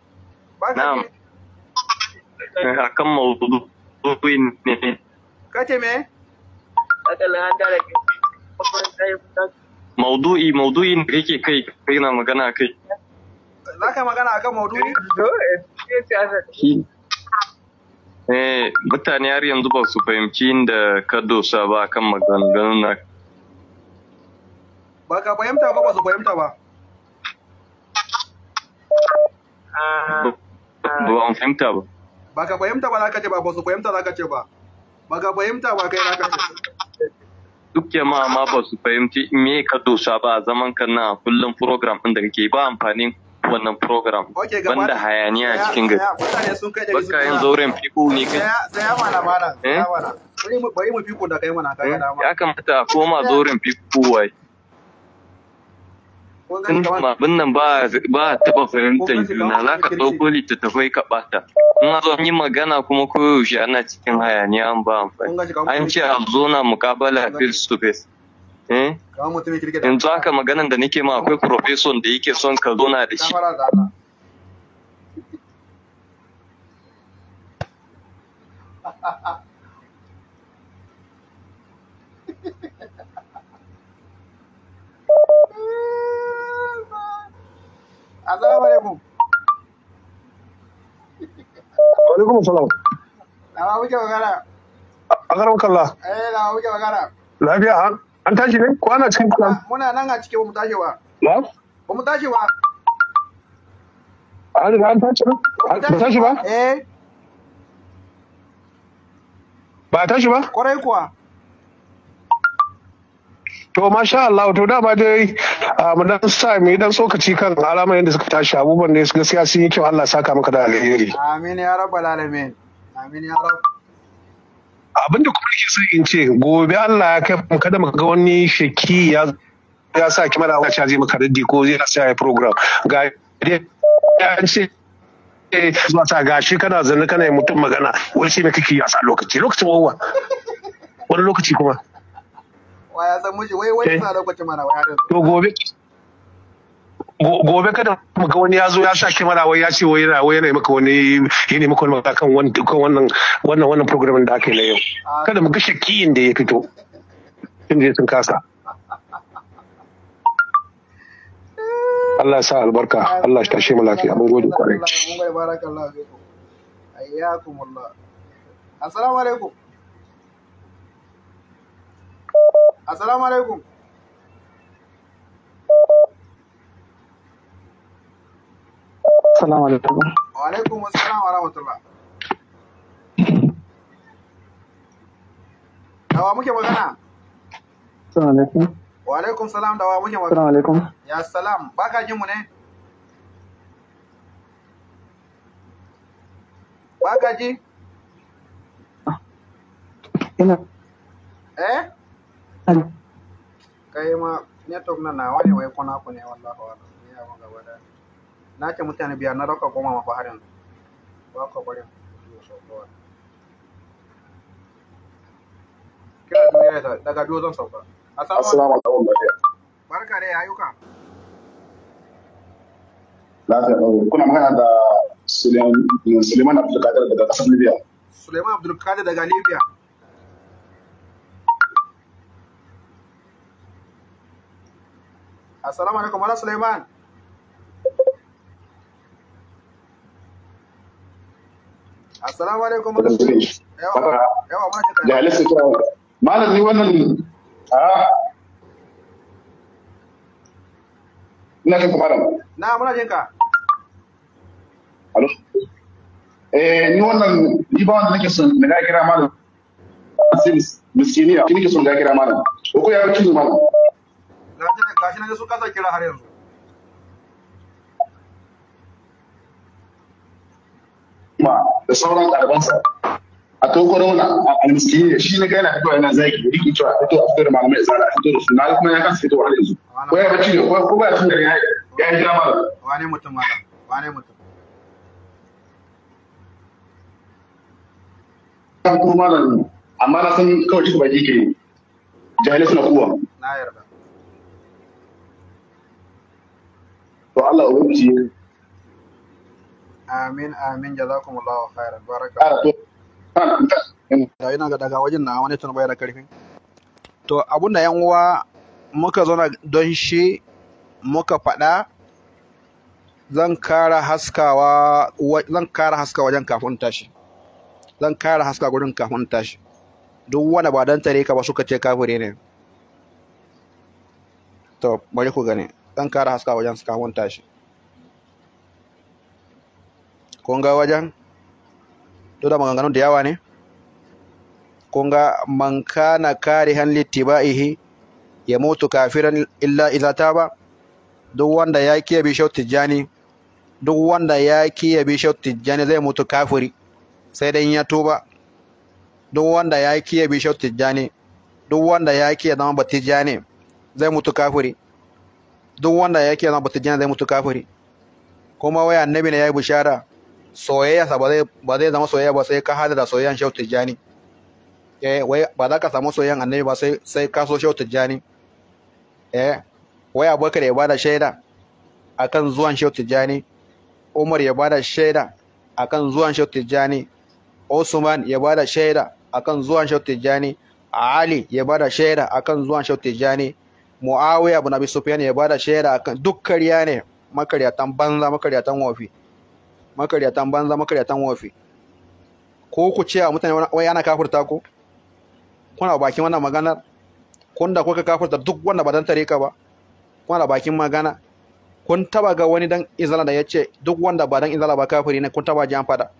Ba ka akan maudu'in ne kace me maudu'i maudu'in da yake kai kai na magana kai za ka magana akan maudu'i Eh, mutane har yanzu ba su fahimci inda ka dosa ba akan maganganu na. Ba ka fahimta ba ba su fahimta ba. Ba fahimta ba. ba ka fahimta ba zaka ce ba ba su fahimta zaka ce ba ba ka fahimta ba kai zaka ce duk jama'a ma ba su fahimci me ka dosa ba a zaman ka na kullum program ɗin da kake ba amfanin wannan program banda hayaniya a cikin gari baka yin zauren fiko ne kai tsaya mana mana ya eh? mana bari mu fiko da kai mana kaga eh? ya kamata a koma zauren fiko wai in ba a taɓa fahimtar juna za ka ɗauko yi magana kuma koyaushe ana cikin hayaniya an ba amfani an ce a zo mukabala face to face yanzu eh? haka maganan da nake ma akwai profeson da yake son ka zo da shi ha ha ha Assalamu alaikum. Wa alaikum assalam. Lawa muke magana. A garin kalla. Eh lawa muke magana. Lafiya an tashi ne ko ana cikin kula? Muna nan a mu tashi ba. Na? Ba mu tashi ba. An riga an tashi ba? Ba tashi tashi ba? Eh. kuwa. To masha Allah to dama dai mu dan sa mu dan tsokaci kan alamar yadda suka tashi abubuwan da gaskiya sun yi kyau Allah saka maka da alheri. Amin ya rabbal alamin. Amin ya rabb. Abinda kuma nake sai in ce gobe Allah ya kai mu kada mu ga wani shaki ya ya sa kima da wacce zai maka raddi ko zai sa ya program ga dai ya ce eh, zuwa ta gashi kana zanne kana yi mutum magana wani shi ne kake yasa lokaci lokacin wawa wani lokaci kuma wa ya san miji wai wai eh. suna lokacin mana wa yaron to gobe gobe kada mu ga wani ya zo ya sa kimara wai ya ce wai yana wai yana maka wani yana maka wani kan wannan wannan wannan program da ake na yau ah. kada mu ga shakiyin da ya fito inda ya sun kasa Allah ya sa albarka Allah ya tashe mu lafiya mun gode kwarai mun gode barakallahu fiikum ayyakumullah assalamu alaikum Assalamu alaikum. Assalamu alaikum. Wa alaikum assalam wa rahmatullah. Dawa muke magana? Assalamu alaikum. Wa alaikum salam dawa muke magana. Assalamu alaikum. Ya salam, baka jin mu ne? Baka ji? Ah. Ina. Eh? kai ma network na nawa ne wai kona ku ne wallahi wa ya ma gaba da na ce mutane biyar na raka goma ma fa har yanzu ba ka bari su so kowa kira duniya ta daga biyu zan sauka assalamu alaikum barka da ayyuka lafiya kuna magana da Suleiman Abdulkadir daga kasar Libya Suleiman Abdulkadir daga Libya assalamu alaikum Mala suleiman assalamu alaikum Mala Suleiman. yawa yawa ma ka da halitta ta malam ni wannan a ah, ina jin malam na muna jinka. ka alo eh ni wannan ni ba wanda nake son na ga kira malam asimis miskiniya ke son ga kira malam ko ya ci malam gashi na su kasa kira har yanzu ma da sauran ɗalibansa a to tokoro mana almiski ne shi na gaina fitowa yana zagi riki cewa fito a fito da malamai da zara a fito da su na kuma ya kan fito har yanzu ko ya bacci ne ko ba ya tun da ya yi jira malam wane mutum ma wane mutum kan kuma malam amma na san kawai cikin baki ke jahilai na kuwa na yarda to Allah ubangiji amin amin jazakumullahu khairan barakallahu da ina ga daga wajen na wani tunbaya da karfi to abunda yan uwa muka zauna don shi muka faɗa zan kara haskawa zan kara haska wajen kafin tashi zan kara haska gurin kafin tashi duk wani ba dan tare ka ba suka ce kafire ne to bari ku gani ɗan kara haska wajen su kafin tashi Ko ga wajen duk da maganganun da yawa ne ko ga man kana karihan littiba'ihi ya mutu kafiran illa iza ba? duk wanda ya kiya bishau tijjani duk wanda ya kiya bishau tijjani zai mutu kafiri sai dai ya tuba duk wanda ya kiya bishau tijjani duk wanda ya kiya zama batijjani zai mutu kafiri duk wanda yake zama bata jina zai mutu kafiri kuma wai annabi ne yayi bishara soyayya sa ba zai zama soyayya ba sai ka hada da soyayyan shau tijjani eh wai ba za ka samu soyayyan annabi ba sai sai ka so shau tijjani eh wai abubakar ya bada shaida akan zuwan shau tijjani umar ya bada shaida akan zuwan shau tijjani usman ya bada shaida akan zuwan shau tijjani ali ya bada shaida akan zuwan shau tijjani muawiya abu abi sufyan ya bada shaida akan duk kariya ne makaryatan banza makaryatan wafi makaryatan banza makaryatan wafi ko ku ce a mutane wai ana kafurta ku kuna bakin wannan maganar kun da kuka kafurta duk wanda ba dan tareka ba kuna bakin magana kun taba ga wani dan izala da ya ce duk wanda ba dan izala ba kafiri ne kun taba ji an fada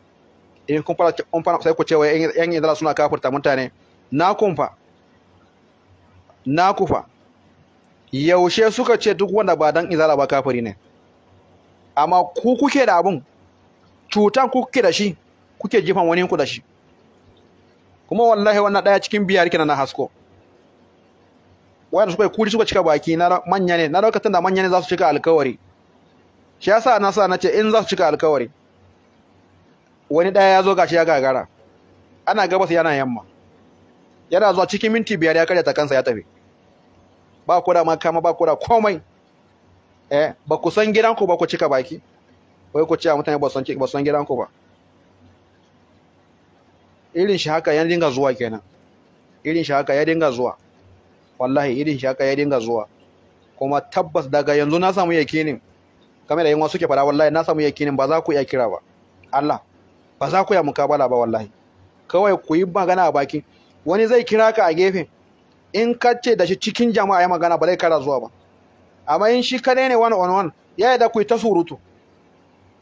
in kun fara kun fara sai ku ce wai yan izala suna kafurta mutane na kun fa na ku fa yaushe suka ce duk wanda ba dan izala ba kafiri ne amma ku kuke da abun cutan ku kuke da shi kuke jifan wani ku da shi kuma wallahi wannan daya cikin biyar kina na hasko wanda suka kuri suka cika baki na manya ne na lokacin da manya ne za su cika alkawari shi yasa na sa na ce in za su cika alkawari wani daya ya zo gashi ya gagara ana gabas yana yamma yana zuwa cikin minti biyar ya karya ta kansa ya tafi ba ku da makama ba ku da komai eh ba ku san gidanku ba ku cika baki wai ku ce a mutane ba san ba san gidanku ba irin shi haka ya dinga zuwa kenan irin shi haka ya dinga zuwa wallahi irin shi haka ya dinga zuwa kuma tabbas daga yanzu na samu yakinin kamar da yin wasu ke fara wallahi na samu yakinin ba za ku iya kira ba Allah ba za ku iya mukabala ba wallahi kawai ku yi magana a baki wani zai kira ka a gefe in ka ce da shi cikin jama'a ya magana ba zai kara zuwa ba amma in shi kadai ne one wani one ya da ku ta surutu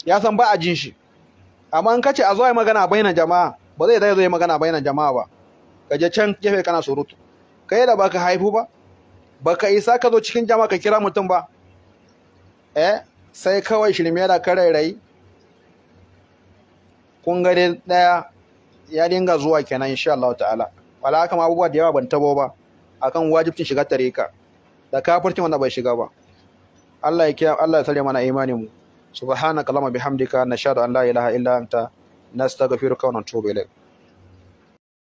ya san ba a jin shi amma in ka ce a zo ya magana bainan jama'a ba zai dai zo ya magana bainan jama'a ba ka je can gefe kana surutu Ka yi da baka haifu ba baka isa ka zo cikin jama'a ka kira mutum ba eh sai kawai shirme da rairayi kun ga daya ya dinga zuwa kenan insha Allah ta'ala wala haka ma abubuwa da yawa ban tabo ba akan wajibcin shiga tareka da kafircin wanda bai shiga ba Allah ya kiyaye Allah ya sare mana imanin mu subhanaka allahumma bihamdika nashhadu an la ilaha illa anta nastaghfiruka wa natubu ilayk